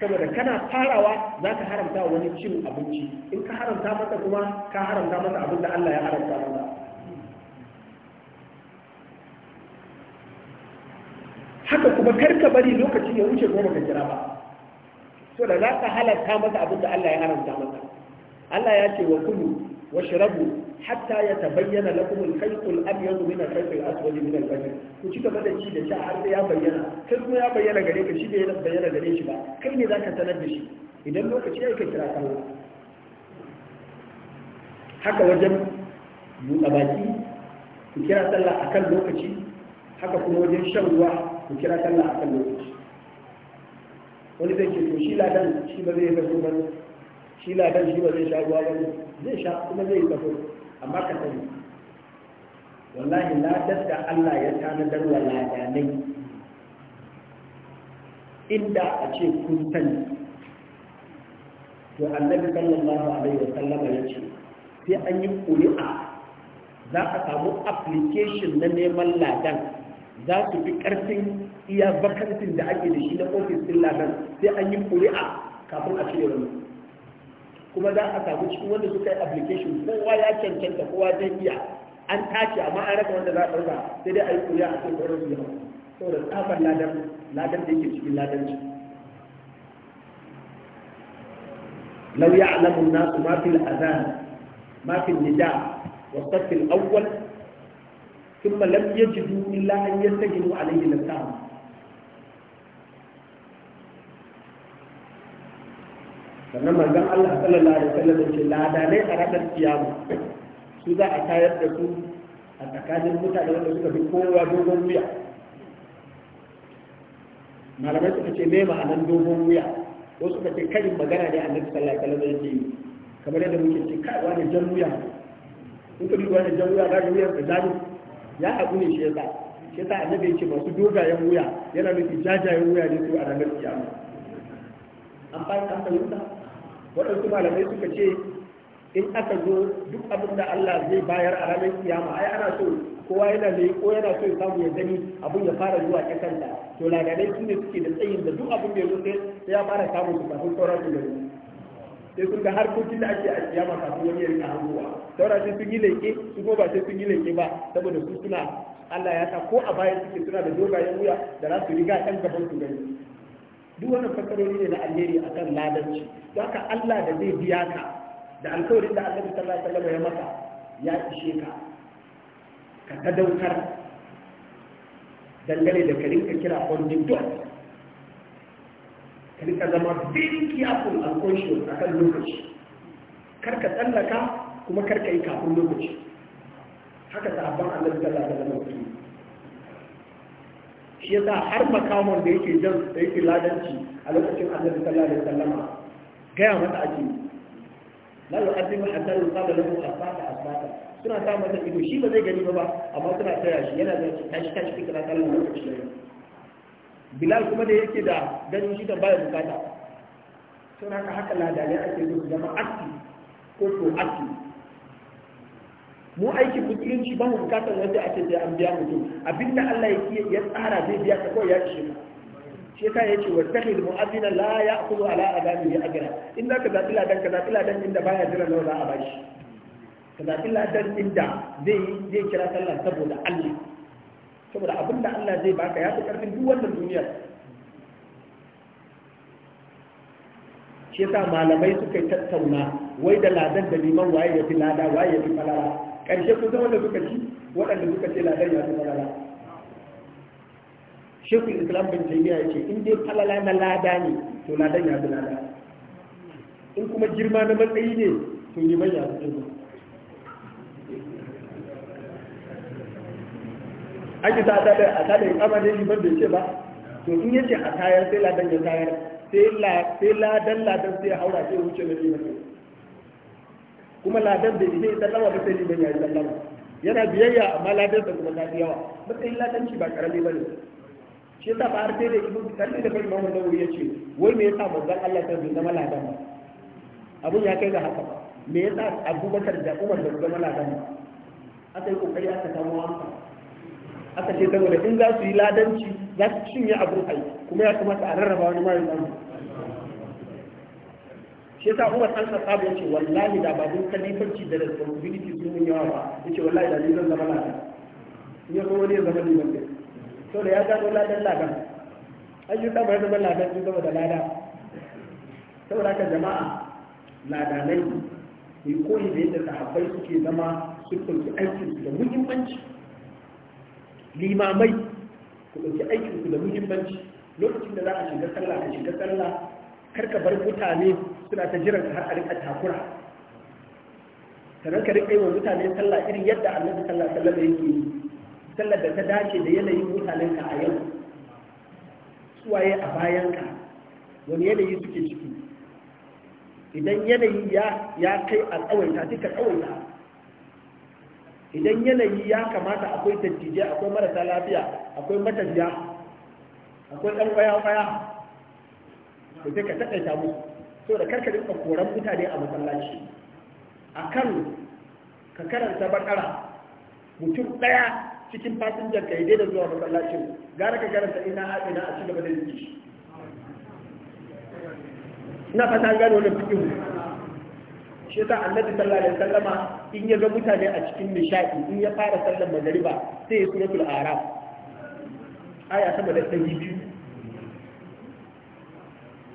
saboda kana farawa za ka haramta wani cin abinci in ka haramta masa kuma ka haramta masa abin da Allah ya haramta masa kuma karka bari lokacin ya wuce kuma ka kira ba so da za ka halarta masa abin da Allah ya haramta masa Allah ya ce wa kulu wa shirabu hatta yatabayyana lakum al kuma al-abyad min al-khayt al-aswad min al-fajr ku ci gaba da ci da sha har sai ya bayyana kai kuma ya bayyana gare ka shi bai bayyana gare shi ba kai ne zaka sanar da shi idan lokaci ya kai kira kan haka wajen buɗa baki ku kira sallah akan lokaci haka kuma wajen shan ruwa ku kira kalla a kan lokaci wani zai ce to shi ladan shi ba zai zafi ba shi ladan shi ba zai sha ruwa ba zai sha kuma zai zafi amma ka sani wallahi ladan da Allah ya tanadar wa ladanai inda a ce kun sani to annabi sallallahu alaihi wa sallama ya ce sai an yi ƙuri'a za a samu application na neman ladan za su fi ƙarfin iya bakantin da ake da shi na ofis ɗin ladan sai an yi ƙuri'a kafin a cire wani kuma za a samu cikin wanda suka yi application kowa ya cancanta kowa zai iya an tace amma an raka wanda za a ɗauka sai dai a yi ƙuri'a a cikin ƙwarar biyu saboda tsabar ladan ladan da yake cikin ladanci لو يعلم الناس ما في الأذان ما في wasu والصف الأول ثم لم يجدوا إلا أن يستجنوا عليه للتعب sannan manzon Allah sallallahu alaihi wasallam ya ce ladanai a ranar kiyama su za a tayar da su a tsakanin mutane wanda suka fi kowa dogon wuya malamai suka ce me ma'anan dogon wuya ko suka ce kai magana ne annabi sallallahu alaihi wasallam yake yi kamar yadda muke ce kai wani jan wuya in ka duba wani jan wuya ga wuya da zabi ya haɗu ne shi yasa shi yasa annabi yake masu dogayen wuya yana nufi jajayen wuya ne su a ranar kiyama an fara an fahimta waɗansu malamai suka ce in aka zo duk abin da Allah zai bayar a ranar kiyama ai ana so kowa yana ne ko yana so ya samu ya gani abin ya fara zuwa ta to ladanai su ne suke da tsayin da duk abin da ya zo sai ya fara samun su kafin sauran su sai kun ga harkokin da ake a kiyama kafin wani ya saura sai sun yi leke su ko ba sai sun yi leke ba saboda su suna Allah ya sa ko a baya suke suna da dogayen wuya da za su riga kan gaban su gani duk wannan fasarori ne na alheri akan ladanci don haka Allah da zai biya ka da alkawarin da Allah sallallahu alaihi wasallam ya maka ya ishe ka ka daukar dangane da ka rinka kira on the dot ka rika zama very careful and conscious a kan lokaci kar ka tsallaka kuma kar yi kafin lokaci haka sahabban annabi sallallahu alaihi wasallam su shi yasa har makamon da yake jan da yake ladanci a lokacin annabi sallallahu alaihi wasallam gaya mata ake la yu'addimu hatta yuqala lahu asfata asfata suna sa mata ido shi ba zai gani ba amma suna taya shi yana da tashi tashi kika na kallon lokaci da bilal kuma da yake da ganin shi da baya bukata sun haka haka ladanai ake zo zama aski ko to aski mu aiki shi ba mu bukatar wanda ake da an biya mutum abinda Allah ya tsara zai biya ka kawai ya ce mu shi yasa yace wattakhil mu'azzina la ya'khudhu ala adami ajra in ka zabi ladan ka zabi ladan inda baya jira lawa za a bashi ka zabi ladan inda zai zai kira sallah saboda Allah saboda abin da Allah zai baka ya fi karfin duk wannan duniyar shi yasa malamai suka yi tattauna wai da ladan da liman waye ya fi lada waye ya fi falala ƙarshe kun zama da suka ci waɗanda suka ce ladan ya fi falala shekul islam bin jami'a ya ce in dai falala na lada ne to ladan ya fi lada in kuma girma na matsayi ne to liman ya fi girma ake yi ta da a ta da kama ne liman da ce ba to in yace a tayar sai ladan ya tayar sai ladan ladan sai haura sai wuce na liman kuma ladan da zai ta lawa sai liman ya yi sallama yana biyayya amma ladan da kuma ta fi yawa matsayin ladanci ba karami ba ne shi yasa ba har sai da ibn kalli da bai mamu ya ce wai me yasa manzon Allah ta zama ladan ba abun ya kai ga haka me yasa Abubakar da Umar da zama ladan ba aka yi kokari aka samu amsa aka ce dangane in za su yi ladanci za su cinye abin ai kuma ya kamata a rarraba wani mara lamu shi yasa Umar san ka ya ce wallahi da ba dun kalifanci da responsibility sun mun yawa ba yace wallahi da ni zan zama ladan Ni ya kuma ne zama ni ban dai saboda ya gano ladan ladan an yi sama zama ladan sun zama da lada saboda haka jama'a ladanai ne koyi da yadda sahabbai suke zama sun ɗauki da muhimmanci limamai ku ɗauki aikin ku da muhimmanci lokacin da za a shiga sallah ka shiga sallah kar bar mutane suna ta jiran har a rika takura sannan ka rika yi wa mutane sallah irin yadda annabi sallah sallah da yake yi sallar da ta dace da yanayin mutanen ka a yau suwaye a bayan ka wani yanayi suke ciki idan yanayi ya kai a tsawaita duka tsawaita idan yanayi ya kamata akwai dattijai akwai marasa lafiya akwai matafiya akwai ɗan kwaya-kwaya da sai ka taƙaita musu so da karka yin koran mutane a masallaci a kan ka karanta bakara mutum ɗaya cikin fasinjan ka yi da zuwa masallacin gara ka karanta ina haɗina a cigaba da jiki na fata gano wani fikin shi yasa annabi sallallahu alaihi wasallama in ya ga mutane a cikin nishadi in ya fara sallar magariba sai ya suratul araf aya sama da ɗari biyu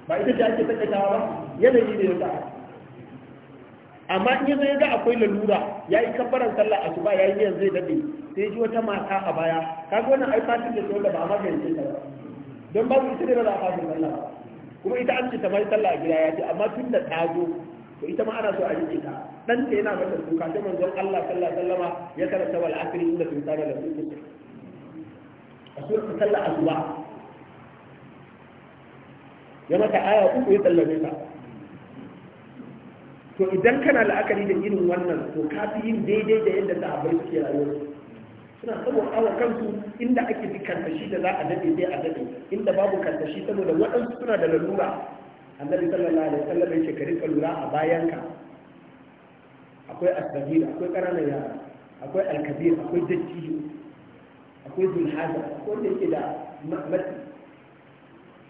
ba ita ce ake tattakawa ba yanayi ne ya amma in yanzu ya ga akwai lalura ya yi kabbaran sallah a suba ya yi yanzu zai daɗe sai ji wata mata a baya kaga wannan ai fatin da tsohon da ba a magance ta ba don babu ita ne ba za a fatin sallah kuma ita an ce ta mai sallah a gida ya ce amma tun da ta zo to ita ma ana so a rike ta dan ta yana mata kuka ta manzon Allah sallallahu alaihi wasallama ya karanta wal asri inda sun tsara da su a suratul sallah azwa ya mata aya uku ya tallafe ta to idan kana la'akari da irin wannan to ka fi yin daidai da yadda sahabbai suke rayuwa suna saboda awa kansu inda ake fi karkashi da za a dade sai a dade inda babu karkashi saboda waɗansu suna da lalura annabi sallallahu alaihi wasallam ya ce ka rika lura a bayanka akwai asbabir akwai ƙananan yara akwai alkabir akwai dattijo akwai zulhaza akwai wanda yake da matsi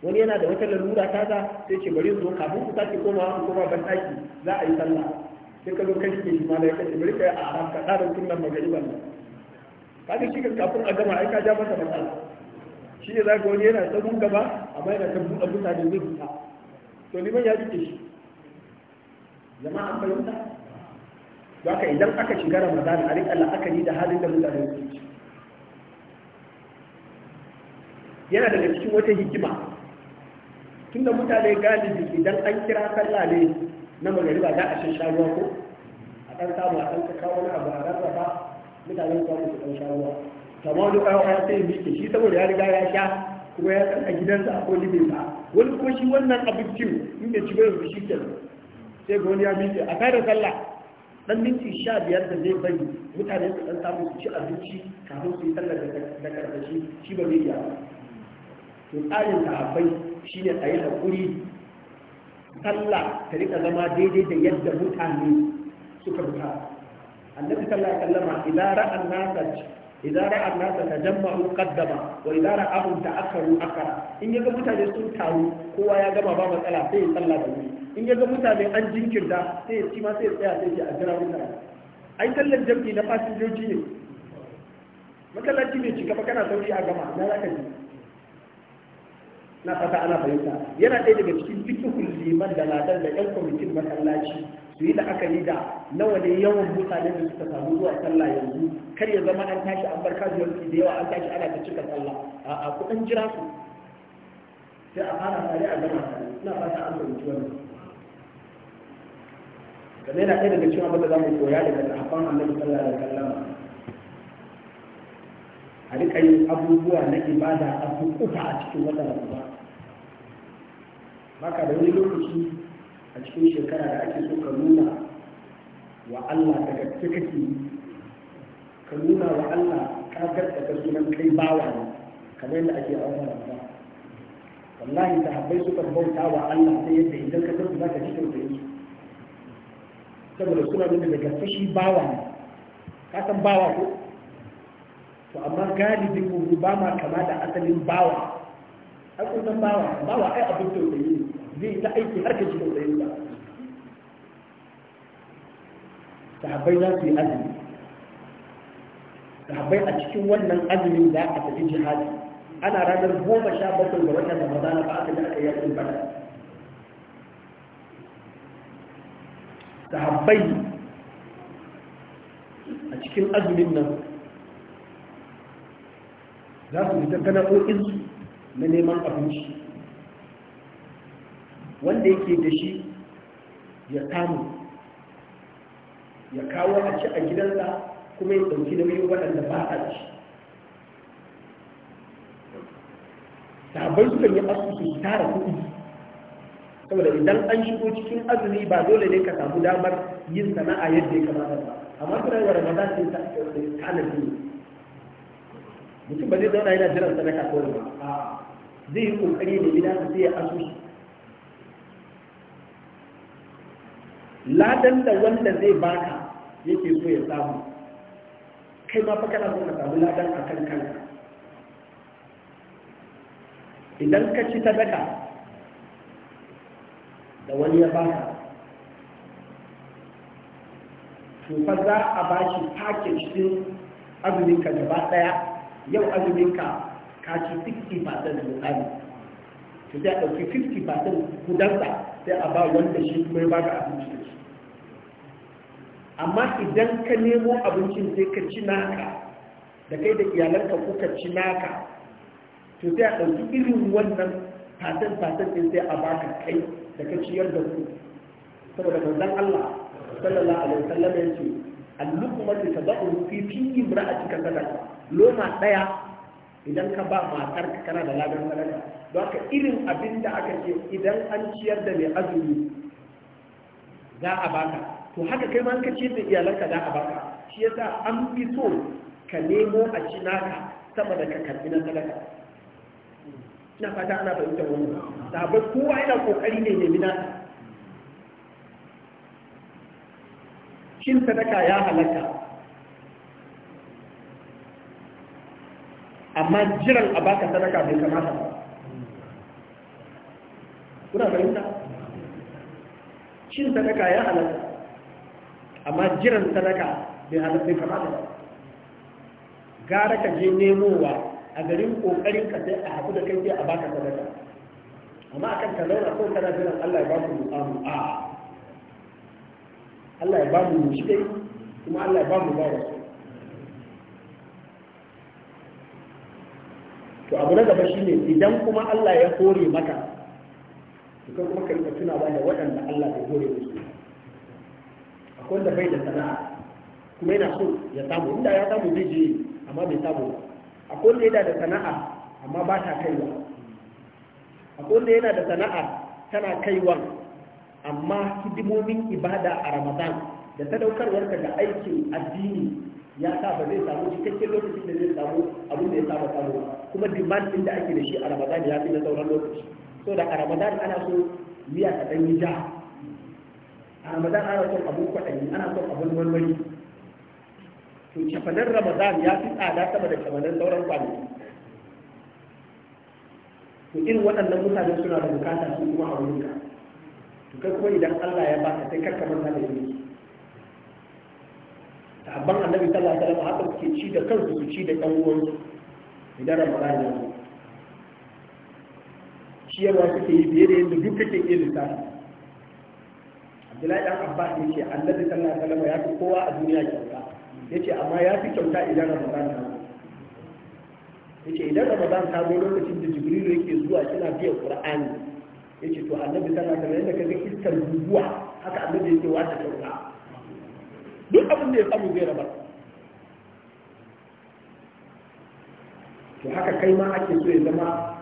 wani yana da wata lalura ta za sai ce bari zo kafin ku sake koma ku koma ban daki za a yi sallah sai ka zo ka shige shi ma da kace bari yi a arab ka tsara sunnan magariban nan ka ga shi kafin a gama ai ka ja masa matsala shi ne za ka wani yana tsabon gaba amma yana kan buɗe mutane zai fita to liman ya rike shi jama'a fahimta ba ka idan aka shiga ramadan a rika la'akari da halin da mutane su ci yana daga cikin wata hikima tun da mutane galibi idan an kira sallah ne na magariba za a shan sharuwa ko a ɗan samu a ɗan kawo wani abu a rarraba mutane su su ɗan sharuwa kamar wani ya sai miƙe shi saboda ya riga ya sha kuma ya san a gidansa a koli bai ba wani kuma shi wannan abincin in bai ci ba rufe shi kenan sai ga wani ya miƙe a kada sallah dan minti sha biyar da zai bari mutane su dan samu su ci abinci kafin su yi sallar da karfashi shi ba zai iya to tsarin sahabbai shine a yi haƙuri sallah ta rika zama daidai da yadda mutane suka buƙata annabi sallallahu alaihi wasallama idan ra'an nasa idan ra'a nasa tajamma'u qaddama wa idan ra'ahum ta'akkaru akara in yaga mutane sun taru kowa ya gama ba matsala sai ya tsalla da wuri in yaga mutane an jinkirta sai ya ci sai ya tsaya sai ya a jira mutane ai sallar jam'i na fasinjoji ne masallaci mai cika kana sauri a gama na zaka ana fahimta yana ɗaya daga cikin fikihun liman da ladar da yan kwamitin masallaci su yi la'akari da nawa ne yawan mutane da suka samu zuwa sallah yanzu kar ya zama an tashi an bar kasuwanci da yawa an tashi ana ta cika sallah a kudin jira su sai a fara tare a gama tare ina fata an fahimci wannan game na ɗaya daga cikin abin da za mu koya daga sahabban annabi sallallahu alaihi wasallam a rika yin abubuwa na ibada a kuka a cikin wata ramadan baka da wani lokaci a cikin shekara da ake so ka nuna wa Allah daga gaske ka nuna wa Allah ka gaskata sunan kai bawa ne kamar yadda ake auna ba wallahi sahabbai suka bauta wa Allah sai yadda idan ka zarta za ka ji tausayin yi saboda suna nuna da gaske bawa ne ka san bawa ko to amma galibin mu ba ma kama da asalin bawa akwai kun san bawa bawa ai abin tausayi ne zai ta aiki har ka ji tausayin sa sahabbai za su yi azumi sahabbai a cikin wannan azumin da a tafi jihadi ana ranar goma sha bakwai ga watan da ba aka ji aka yi yakin bada sahabbai a cikin azumin nan za su yi fita sana'o'insu na neman abinci wanda yake da shi ya kamu ya kawo a ci a gidansa kuma ya ɗauki nauyin waɗanda ba a ci sabon sukan yi asusu tara kuɗi saboda idan an shigo cikin azumi ba dole ne ka samu damar yin sana'a yadda ya kamata ba amma suna yawa ramadan sai ta tanadi ne mutum ba zai zauna yana jiran sadaka kawai ba zai yi kokari da gida sai ya asusu ladan da wanda zai baka yake so ya samu kai ma fa kana so ka samu ladan a kan kanka idan ka ci sadaka da wani ya baka to fa za a baki package din azumin ka gaba daya yau azumin ka ka ci 60% misali da a ɗauki 50% kudansa sai a ba wanda shi kuma ya baka abinci da shi amma idan ka nemo abincin sai ka ci naka da kai da iyalanka kuka ci naka to sai a ɗauki irin wannan fatan fatan ɗin sai a baka kai da ka ciyar da ku saboda manzon Allah sallallahu alaihi wasallam ya ce al-luqmatu tad'u fi fi imra'atika sadaqa loma daya idan ka ba matar ka kana da ladan sadaqa don ka irin abin da aka ce idan an ciyar da mai azumi za a baka to haka kai ma ka ciyar da iyalanka za a baka shi yasa an fi so ka nemo a ci naka sama da ka karbi na sadaka ina fata ana fahimta wannan sabai kowa yana kokari ne nemi na shin sadaka ya halaka amma jiran a baka sadaka bai kamata ba kuna fahimta cin sadaka ya halatta amma jiran sadaka bai halatta bai kamata ba gara ka je nemowa a garin kokarin ka sai a haku da kai sai a baka sadaka amma akan ka zauna ko kana jiran Allah ya ba ku mu'amu a Allah ya ba mu shi dai kuma Allah ya ba mu ba wasu to abu na gaba shine idan kuma Allah ya kore maka to kuma kalmar suna ba da waɗanda Allah bai hore musu akwai wanda bai da sana'a kuma yana so ya samu inda ya samu zai je amma bai samu ba akwai wanda yana da sana'a amma ba ta kaiwa akwai wanda yana da sana'a tana kaiwa amma hidimomin ibada a ramadan da sadaukarwarka da aikin addini ya sa ba zai samu cikakken lokacin da zai samu abin da ya saba samu kuma demand din da ake da shi a ramadan ya fi na sauran lokaci so da a ramadan ana so miya ta ɗan yi ja a ramadan ana son abun kwaɗayi ana son abun wani, to cefanen ramadan ya fi tsada sama da cefanen sauran kwanaki to irin waɗannan mutane suna da bukata su kuma a wurinka to kai kuma idan Allah ya baka sai karka manta da yi sahabban annabi sallallahu alaihi wasallam haka suke ci da kansu su ci da ɗan idan ramadan ya zo ciyarwa ke yi fiye da yadda duk kake iya lissafi abdullahi dan abbas ya ce annabi sallallahu alaihi wasallam ya fi kowa a duniya kyauta ya ce amma ya fi kyauta idan ramadan ta zo ya ce idan ramadan ta zo lokacin da jibrilu yake zuwa kina biyan qur'ani ya ce to annabi sallallahu alaihi wasallam yadda ga iskar guguwa haka annabi ce wata kyauta duk abin da ya samu zai rabar to haka kai ma ake so ya zama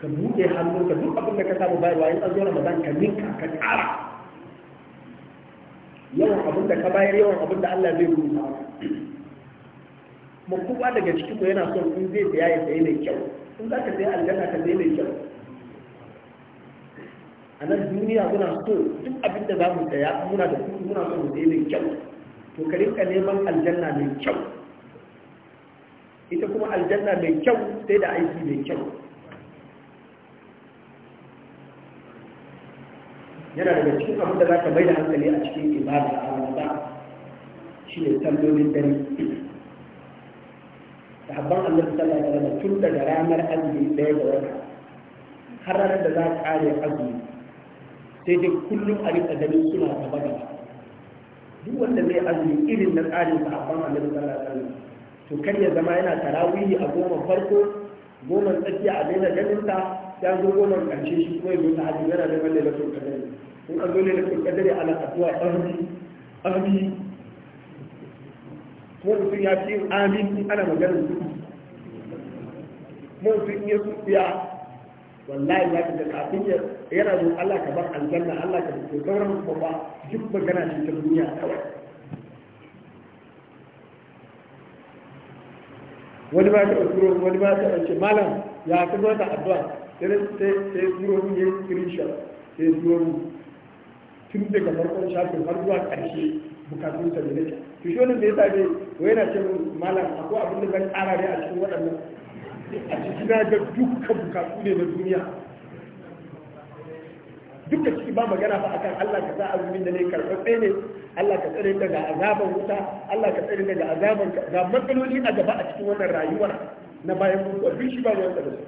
ka buɗe hannunka duk abin da ka samu bayarwa in an zo ramadan ka ninka ka ƙara yawan abin da ka bayar yawan abin da Allah zai rubuta Ma mu kowa daga cikin mu yana son in zai saya ya sayi mai kyau in za ka sayi aljanna ka saye mai kyau a nan duniya muna so duk abin da za mu saya muna da kuɗi muna so mu sayi mai kyau to ka rinka neman aljanna mai kyau ita kuma aljanna mai kyau sai da aiki mai kyau yana daga cikin abin da za ka da hankali a cikin ibada a ramadan shi ne sallolin dare da habban annabi sallallahu alaihi wasallam tun daga ranar azumi ɗaya ga wata har ranar da za a kare azumi sai dai kullum a rika ganin suna gaba gaba duk wanda zai azumi irin na tsarin sahabban annabi sallallahu alaihi wasallam to kar ya zama yana tarawihi a goma farko goma tsakiya a daina ganin ta ya zo goma ƙarshe shi kuma ya zo ta hajji yana neman da ya zo ta gani sun an zo ne da kadare ana addu'a ahli ahli kuma mutum ya fi amin in ana maganar su kuma mutum ya wallahi ya ka kafin ya yana zo Allah ka bar aljanna Allah ka fito sauran babba duk magana ce ta duniya kawai wani ba ta turo wani ba ta ce malam ya ka zo da addu'a sai sai turo mun yi sai turo tun daga farkon shafin har zuwa ƙarshe bukatun sa ne nake to shi wannan da ya dai wai yana ce malam akwai abin da zan ƙara ne a cikin waɗannan a cikin na ga dukkan bukatu ne na duniya dukkan ciki ba magana ba akan Allah ka sa azumin da ne karɓaɓɓe ne Allah ka tsare daga azaban wuta Allah ka tsare daga azaban ga matsaloli a gaba a cikin wannan rayuwar na bayan mutuwa duk shi ba ruwan da su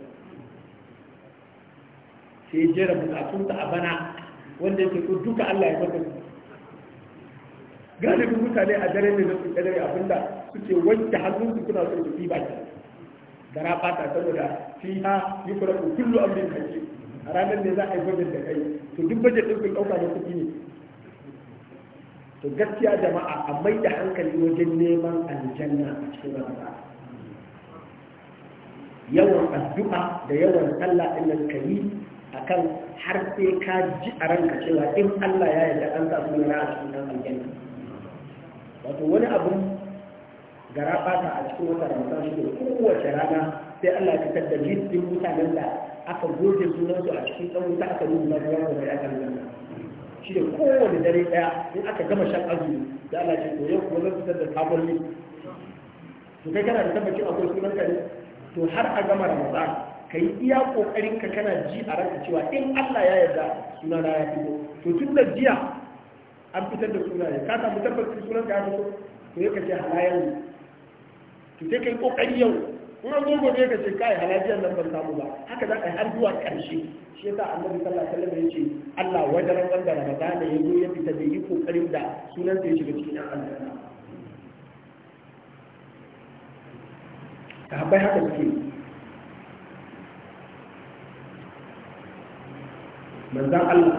sai jera bukatunsa a bana wanda yake ko duka Allah ya maka su galibin mutane a daren da su kadare abinda suke wanke su kuna so su ba ki gara fata saboda fiha yukra kullu amrin kai. a ranar ne za a yi budget da kai to duk budget din kun dauka ne kuɗi ne to gaskiya jama'a a mai da hankali wajen neman aljanna a cikin ramadan yawan addu'a da yawan sallah din nan kai akan har sai ka ji a ranka cewa in Allah ya yarda an samu yana a cikin aljanna wato wani abu gara fata a cikin wata ramadan shi ne kowace rana sai Allah ya fitar da listin mutanen da aka goge su a cikin dan wuta aka rubuta na yawon da ya kan aljanna shi ne kowane dare ɗaya in aka gama shan azumi da Allah ce to yau kuma zan fitar da sabon listin to kai kana da tabbacin akwai sunan ka ne to har a gama ramadan ka yi iya kokarin ka kana ji a ranka cewa in Allah ya yarda suna ya fito to tun da jiya an fitar da suna ka samu tabbacin sunan ka ya fito to yake ce halayen ne to sai kai kokari yau kuma an zo ka ce kai halajiyar nan ban samu ba haka za ka yi har zuwa karshe shi yasa annabi sallallahu alaihi wasallam ya ce Allah wajaran wanda ramadana ya zo ya fita bai yi kokarin da sunan sa ya shiga cikin aljanna haɓai haka suke manzan Allah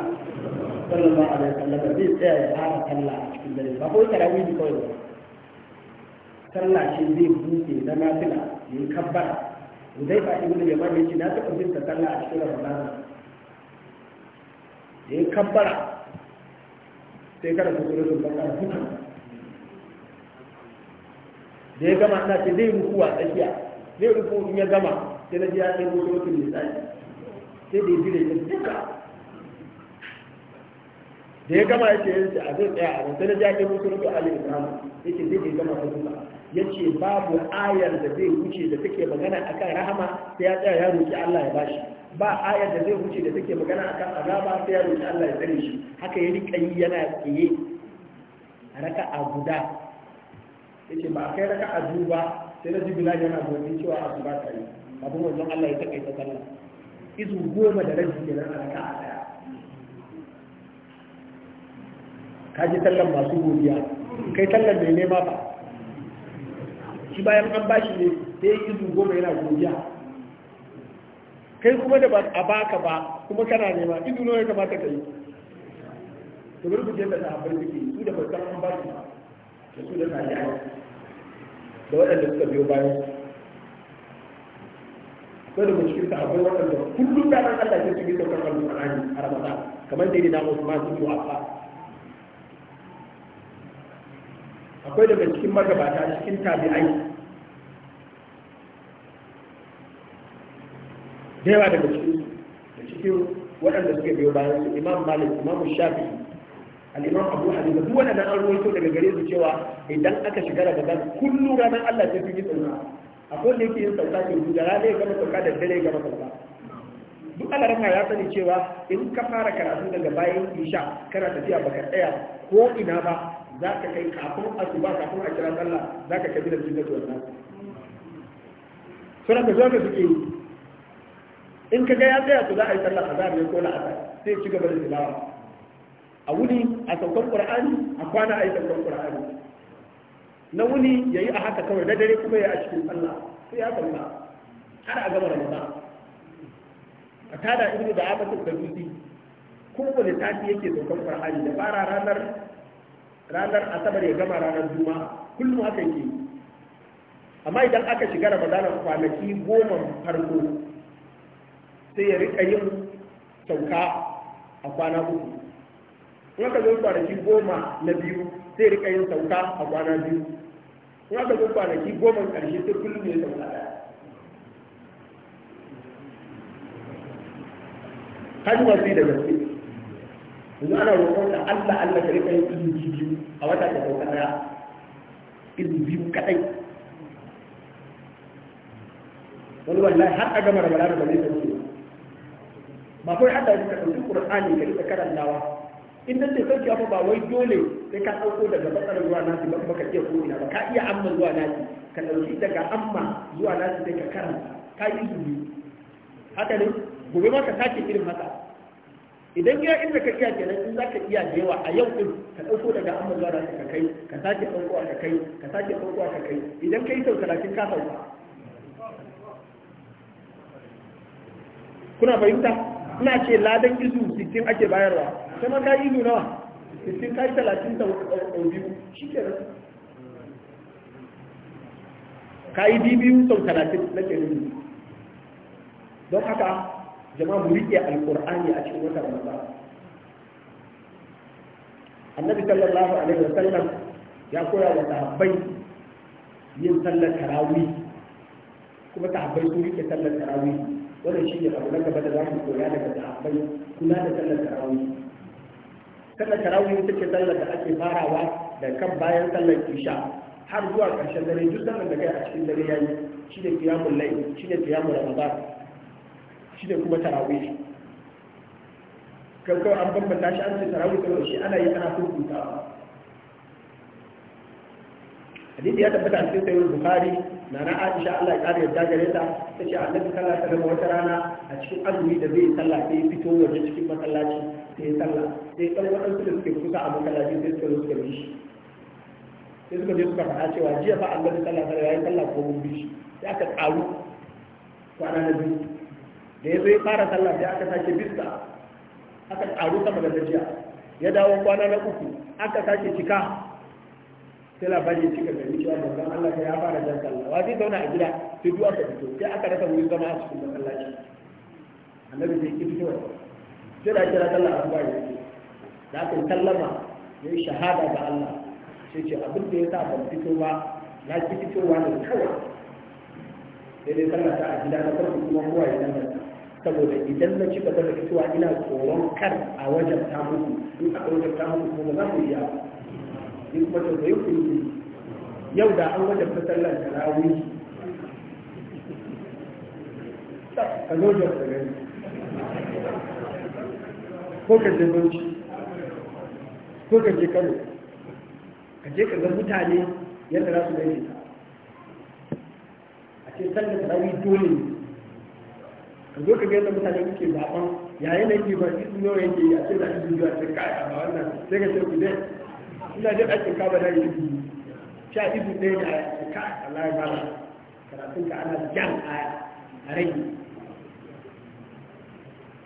sallallahu alaihi wasallam zai tsaya ya fara sallah a cikin dare ba kawai tarawih ne kawai ba sallah shi zai buɗe na nafila ya yayi kabbara zai fa ibnu yaman shi na taɓa bin sallah a cikin ramadan yayi kabbara sai kada ku tsoro da Allah duka da ya gama na ce zai ruku a tsakiya zai ruku in ya gama sai na ji ya ɗaya mutu mutu misali sai da ya ya duka da ya gama yake yin shi a zai tsaya a nan sai na ji ake musu rufe ali imam yake zai bai gama sun rufa ya ce babu ayar da zai wuce da take magana a kan rahama sai ya tsaya ya roƙi Allah ya ba shi ba ayar da zai wuce da take magana a kan azaba sai ya roƙi Allah ya tsare shi haka ya riƙa yi yana tsaye a raka a guda ya ce ba a kai raka a duba sai na ji bilal yana gobin cewa a ba ta yi abin wajen Allah ya taƙaita sallah izu goma da rabi kenan a raka a ɗaya ka ji tallan masu godiya kai tallan mai nema ba shi bayan an bashi ne ta yi izu goma yana godiya kai kuma da ba a baka ba kuma kana nema izu nawa ya kamata ka yi to bari ku je da sahabbai suke su da bakan an bashi da su da tabi'ai da waɗanda suka biyo bayan akwai da cikin sahabbai waɗanda kullum da ran Allah ke cikin da kan a Ramadan kamar dai da Usman a Affan akwai daga cikin magabata cikin tabi'ai da yawa daga cikin da cikin waɗanda suke biyo bayan su imam malik imam shafi al'imam abu hanifa duk waɗannan an ruwaito daga gare su cewa idan aka shiga gaba kullum ranar allah ta fi yi tsauka akwai da yake yin sauka ke da rana ya gama sauka da dare ya gama sauka duk alarma ya sani cewa in ka fara karatu daga bayan isha kana tafiya baka tsaya ko ina ba za ka kai kafin asuba kafin a kira sallah za ka kai bidan jinnatu wannan suna ka zo suke yi in ka ga ya tsaya to za a yi sallah a zaɓe ko la'asar sai ci gaba da tilawa a wuni a saukan qur'ani a kwana a yi saukan qur'ani na wuni ya yi a haka kawai na dare kuma ya a cikin sallah sai ya sallah har a gama ramadan a tada ibnu da abatul da kuma wani tafi yake saukan qur'ani da fara ranar ranar asabar ya gama ranar juma kullum haka ke amma idan aka shiga ramadana kwanaki goma farko sai ya rika yin sauka a kwana uku kuma ka zo kwanaki goma na biyu sai rika yin sauka a kwana biyu kuma ka zo kwanaki goma karshe sai kullum ya sauka daya kaji da gaske yanzu ana roƙon da Allah Allah ka rika yin izu biyu a wata da sauka ɗaya izu biyu kaɗai wani wallahi har a gama ramadana ba zai sauke ba kawai da ya ɗauki Qur'ani ka karanta karantawa in nan da sauki abu ba wai dole sai ka ɗauko daga matsalar zuwa nasi ba kuma ka iya ko'ina ba ka iya amma zuwa nasi ka dauki daga amma zuwa nasi sai ka karanta ka yi zubi haka ne gobe ma ka sake irin haka idan ya inda ka iya kenan in zaka iya da yawa a yau din ka dauko daga amma zuwa ka kai ka sake dauko ka kai ka sake dauko ka kai idan kai sau 30 ka sauka kuna fahimta ina ce ladan izu 60 ake bayarwa sai ma ka izu nawa 60 yi 30 sau biyu shikenan ka yi biyu sau 30 na ke don haka jama'a mu riƙe alƙur'ani a cikin wata ramadan annabi sallallahu alaihi wasallam ya koya wa sahabbai yin sallar tarawih kuma sahabbai sun riƙe sallar tarawih wannan shi ne abu na gaba da za mu koya daga sahabbai kula da sallar tarawih sallar tarawih ita ce sallar da ake farawa da kan bayan sallar isha har zuwa ƙarshen dare duk sallar da kai a cikin dare yayi shi ne qiyamul layl shi ne qiyamul ramadan shi ne kuma tarawih kankan an bambanta shi an ce tarawih saboda shi ana yi ana kurkuta hadisi ya tabbata a cikin sayyid bukari na na aisha Allah ya kare yadda gare ta ta ce annabi sallallahu ta rama wata rana a cikin azumi da zai sallah yi fito waje cikin masallaci ta yi sallah sai dan waɗansu da suke kusa a masallaci sai suka suka bi shi sai suka je suka faɗa cewa jiya fa annabi sallallahu ta rama ya yi sallah ko mun bi shi sai aka tsaru kwana na biyu da ya zo ya fara sallah sai aka sake bista aka karu sama da gajiya ya dawo kwana na uku aka sake cika sai labari ya cika gari cewa manzon Allah ya fara jan sallah wa zai zauna a gida sai duk aka fito sai aka rasa wuri zama a cikin masallaci annabi sai ki fito sai da kira sallah a ya ce da aka sallama ya yi shahada ga Allah sai ce abin da ya sa ban fito ba na ki fitowa ne kawai sai dai sallah ta a gida na farko kuma kowa ya nan saboda idan na ci gaba da fitowa ina tsoron kar a wajen ta mutu in aka wajen ta muku kuma za ku iya in kuma ta zai ku yi yau da an wajen fasallar da rawi Ka zojen da ko ka je bauchi ko ka je kano ka je ka ga mutane yadda za su gani a ce sannan rawi dole ne ka zo ka ga yadda mutane suke zaɓen yayin da yake ba su nawa yake yi a ce zaɓi biyu a ce kai a ba wannan sai ka ce ku dai ina jin aikin kaba da yi biyu sha ibu ɗaya ne a ce kai Allah ya bala karatun ka ana jan aya a rage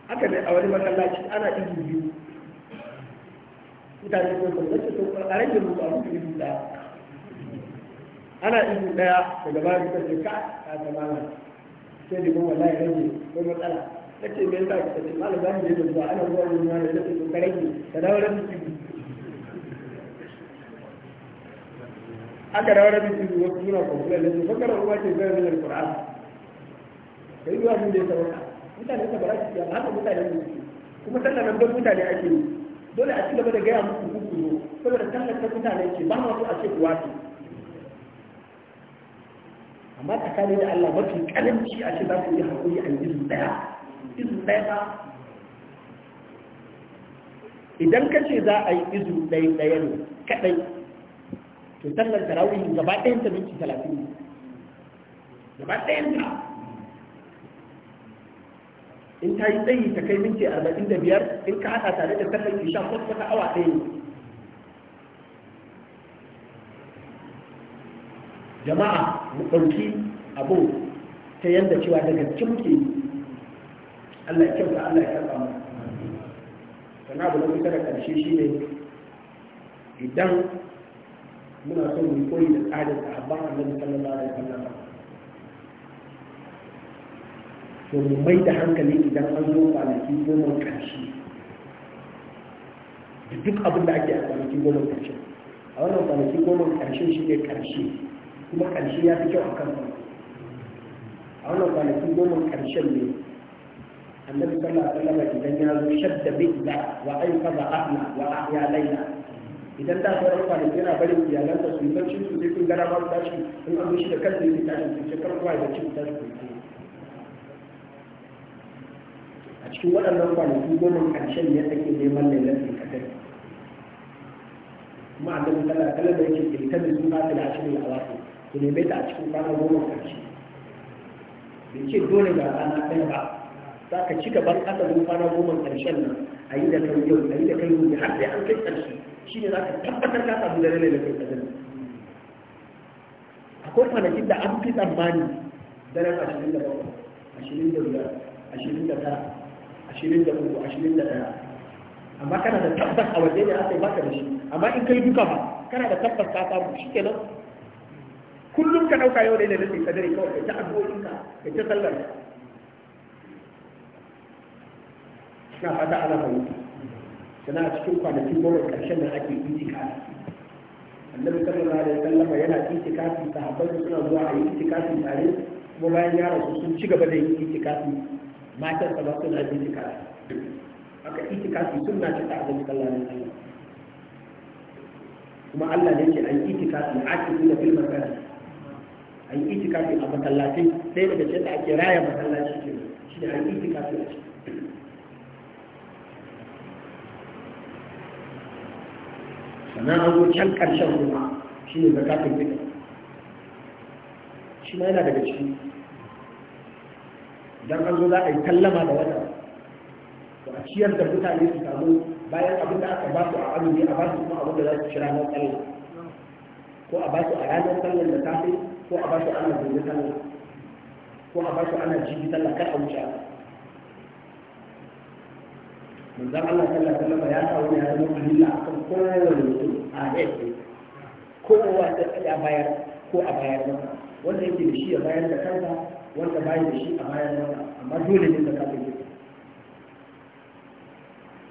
haka ne a wani masallaci ana ibu biyu mutane ko sun zace to a rage mu ba mu ibu ɗaya ana ibu ɗaya daga bayan ka ce kai a ta na. sai da kuma na rage ko matsala na ce mai sa ta cikin malam za da zuwa ana zuwa wani da ce ka rage ka da rabin cibi aka wasu suna da su fakar ruwa ce zai zai alkur'an yi zuwa sun da ya mutane ta bara ya ba haka mutane ne kuma sallar don mutane ake yi dole a ci gaba da gaya musu hukuru saboda sallar ta mutane ce ba ma su a ce kuwa su amma tsakani da Allah mafi karanci a ce za ku yi haƙuri a izin ɗaya izin ɗaya ba idan ka ce za a yi izin ɗaya ɗaya ne kaɗai to sallar tarawih gaba ɗayan ta minti talatin ne gaba ɗayan ta in ta yi tsayi ta kai minti arba'in da biyar in ka haɗa tare da sallar isha ko wata awa ɗaya ne jama'a mu ɗauki abu ta yadda cewa daga cikin Allah ya kyauta Allah ya karɓa mu sannan abu na kusa da ƙarshe shi ne idan muna son mu koyi da tsarin sahabban annabi sallallahu alaihi wasallam to mu mai da hankali idan an zo kwanaki goma ƙarshe da duk abin da ake a kwanaki goma ƙarshe a wannan kwanaki goma ƙarshe shi ne ƙarshe kuma ƙarshe ya fi kyau a kan a wannan kwanaki goma ƙarshen ne annabi sallallahu alaihi wasallam idan ya zo shadda bi'da wa ayqadha ahla wa ahya layla idan da sauran kwanaki yana barin iyalansa su yi barci su sai kun gara ba su tashi in an zo da kansa yake tashi su ce karkuwa da cin tashi a cikin waɗannan kwanaki goma ƙarshen ne ake neman lailatul qadr kuma annabi sallallahu alaihi wasallam yake ilkabi sunnatul ashr al-awakhir ku neme ta a cikin kwana goma ƙarshe bai ce dole ga rana ɗaya ba za ka ci gaban asalin kwana goma ƙarshen nan a yi da kai yau a yi da kai yau har sai an kai ƙarshe shi ne za ka tabbatar ka samu da lalai da kai ƙarshen akwai kwanakin da an fi tsammani daren ashirin da bakwai ashirin da biyar ashirin da tara ashirin da uku ashirin da ɗaya amma kana da tabbas a waje ne aka yi baka da shi amma in kai duka ba kana da tabbas ka samu shi kenan kullum ka ɗauka yau da yadda nufin kadari kawai ka ta abokinka ka ta sallar na fata ana fahimta sana a cikin kwanakin goma ƙarshen da ake itikafi annabi sallallahu alaihi wasallam yana itikafi sahabbai suna zuwa a yi itikafi tare kuma bayan ya rasu sun ci gaba da yin itikafi matan sa ba suna yin itikafi iti itikafi sun na cika annabi sallallahu alaihi wasallam kuma Allah ne ke an itikafi a cikin da filmar a yi itikafi a masallaci sai daga cikin ake raya masallaci ke shi da a yi itikafi a ciki sannan an zo can ƙarshen kuma shi ne zakatun fitr shi ma yana daga ciki idan an zo za a yi tallama da wata to a ciyar da mutane su samu bayan abin da aka ba su a azumi a ba su kuma abin da za su ci ranar sallah ko a ba su a ranar sallar da safe ko a bashi ana gobe sallah ko a bashi ana jibi sallah kar a wuce manzan Allah sallallahu alaihi wasallam ya sa wani ya zama kalilla akan kowane mutum a yake kowa da ya bayar ko a bayar masa wanda yake da shi ya bayar da kansa wanda bai da shi a bayar masa amma dole ne zakka ta fito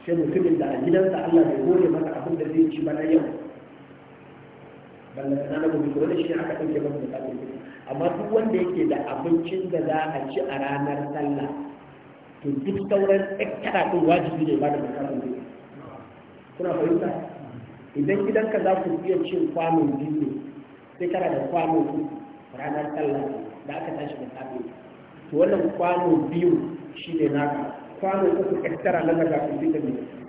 sai mutumin da a gidansa Allah bai gode masa abin da zai ci bana yau balla kana na gobe wannan shi aka dauke masa da kafin amma duk wanda yake da abincin da za a ci a ranar sallah to duk sauran tsakara din wajibi ne ba da kafin kuna fahimta idan gidan ka za ku iya cin kwanon biyu sai kana da kwano ranar sallah da aka tashi da kafin to wannan kwano biyu shi ne naka kwano uku extra na daga kafin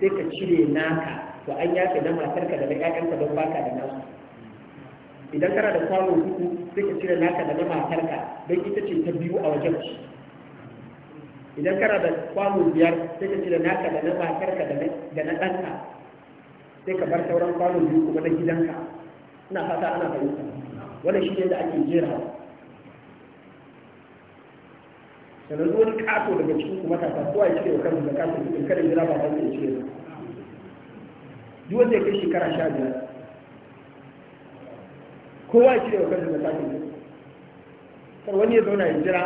sai ka cire naka to an yafe na matarka da na ƴaƴanka don baka da nasu idan kana da kwano uku sai ka cire naka da na matarka don ita ce ta biyu a wajen shi. idan kana da kwano biyar sai ka cire naka da na matarka da na ɗanka sai ka bar sauran kwano biyu kuma na gidanka ina fata ana fahimta wannan shi ne da ake jerawa sannan wani kato daga cikin kuma ta kowa ya cire wa kansa da kato cikin kada jira ba ba cire ba duk wanda ya kai shekara sha biyar kowa ya cire wa da zakatul fitr kar wani ya zauna ya jira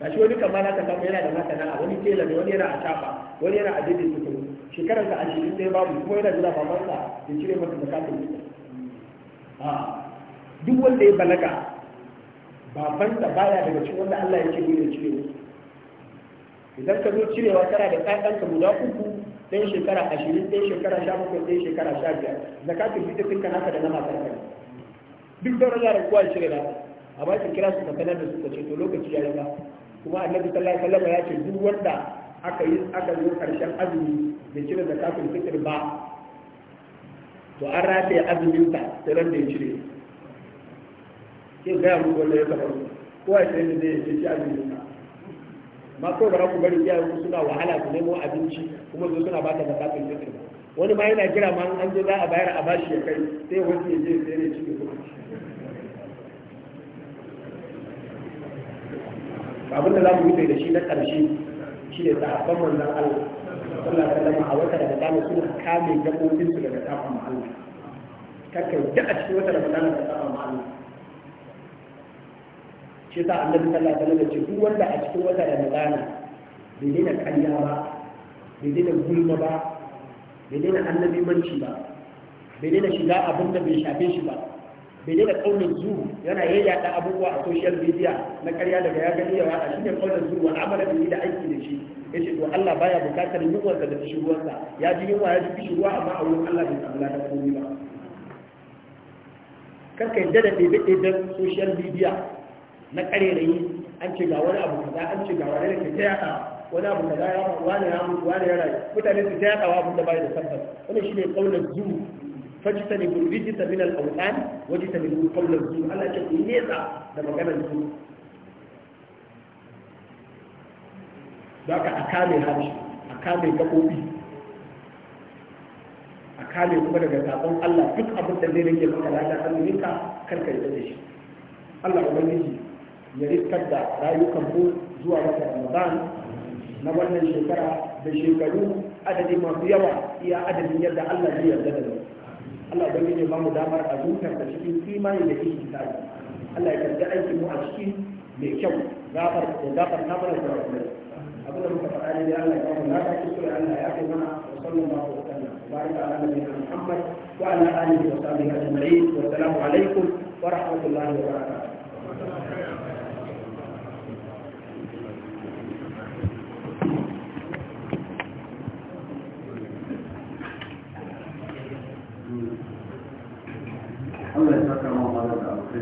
ga shi wani kamar haka kama yana da haka a wani tela ne wani yana a shafa wani yana a jirgin kuma shekarar ka ashirin sai babu kuma yana jira sa ya cire masa da fitr a duk wanda ya balaga sa baya daga cikin wanda Allah ya ce ne ya cire idan ka zo cirewa kana da ɗan ka guda uku ɗan shekara ashirin ɗan shekara sha bakwai ɗan shekara sha biyar zakatun fitr kan haka da na matar duk da yaran kowa ya shirya na amma ki kira su makanar da su ce to lokaci ya riga kuma annabi sallallahu alaihi wasallam ya ce duk wanda aka yi aka zo karshen azumi da cire kafin fitr ba to an rataye azumin ta sai ran da ya cire sai ga mu wanda ya kafa kowa ya sai da ya ce azumin ta ma ko da ku bari ya yi suna wahala su nemo abinci kuma zo suna ba ta kafin fitr ba wani ma yana jira ma an zo za a bayar a bashi ya kai sai wani ya je sai ne cikin kuma abin da za mu yi da shi na ƙarshe shi ne sahabban manzan Allah sallallahu alaihi wasallam a wata daga tsamin suna kame dabbobin su daga tsafa ma Allah kakkai duk a cikin wata daga tsamin da tsafa ma Allah shi sa annabi sallallahu alaihi wasallam ce duk wanda a cikin wata ramadana bai daina ƙarya ba bai daina gulma ba bai daina annabi manci ba bai daina shiga abin da bai shafe shi ba bai daina zu yana yayyada abubuwa a social media na karya daga ya gani yawa a shine kaunar zu wani amala da da aiki da shi yace to Allah baya bukatar yunwar da kishirwar sa ya ji yunwa ya ji kishirwa amma a wurin Allah bai samu ladan komai ba kar ka yadda da ɗebe ɗeben social media na ƙarerayi an ce ga wani abu kaza an ce ga wani da ke ta wani abu da ya faru wani ya mutu wani ya rayu mutane su ta yadawa abin da bai da tabbas wannan shine kaunar zu fajita ne gurbiji ta minal autan wajita ne ƙaunar zu Allah ce ku nesa da maganar zu da ka akame harshe akame gabobi akame kuma daga sabon Allah duk abin da zai rage maka lada hannunka karka yi da shi Allah ubangiji ya riskar da rayukan mu zuwa wata Ramadan na wannan shekara da shekaru adadin masu yawa iya adadin yadda Allah zai yarda da mu Allah ya gani ba mu damar a zuciyar da cikin imani da ihtisari Allah ya karɓi aikin mu a cikin mai kyau gafar da gafar na mana da rabu abu da muka faɗa ne da Allah ya kawo na ta kuskure Allah ya kai mana wa sallallahu alaihi wa sallam Allah ala nabiyina Muhammad wa ala alihi wa sahbihi ajma'in wa assalamu alaikum wa rahmatullahi wa barakatuh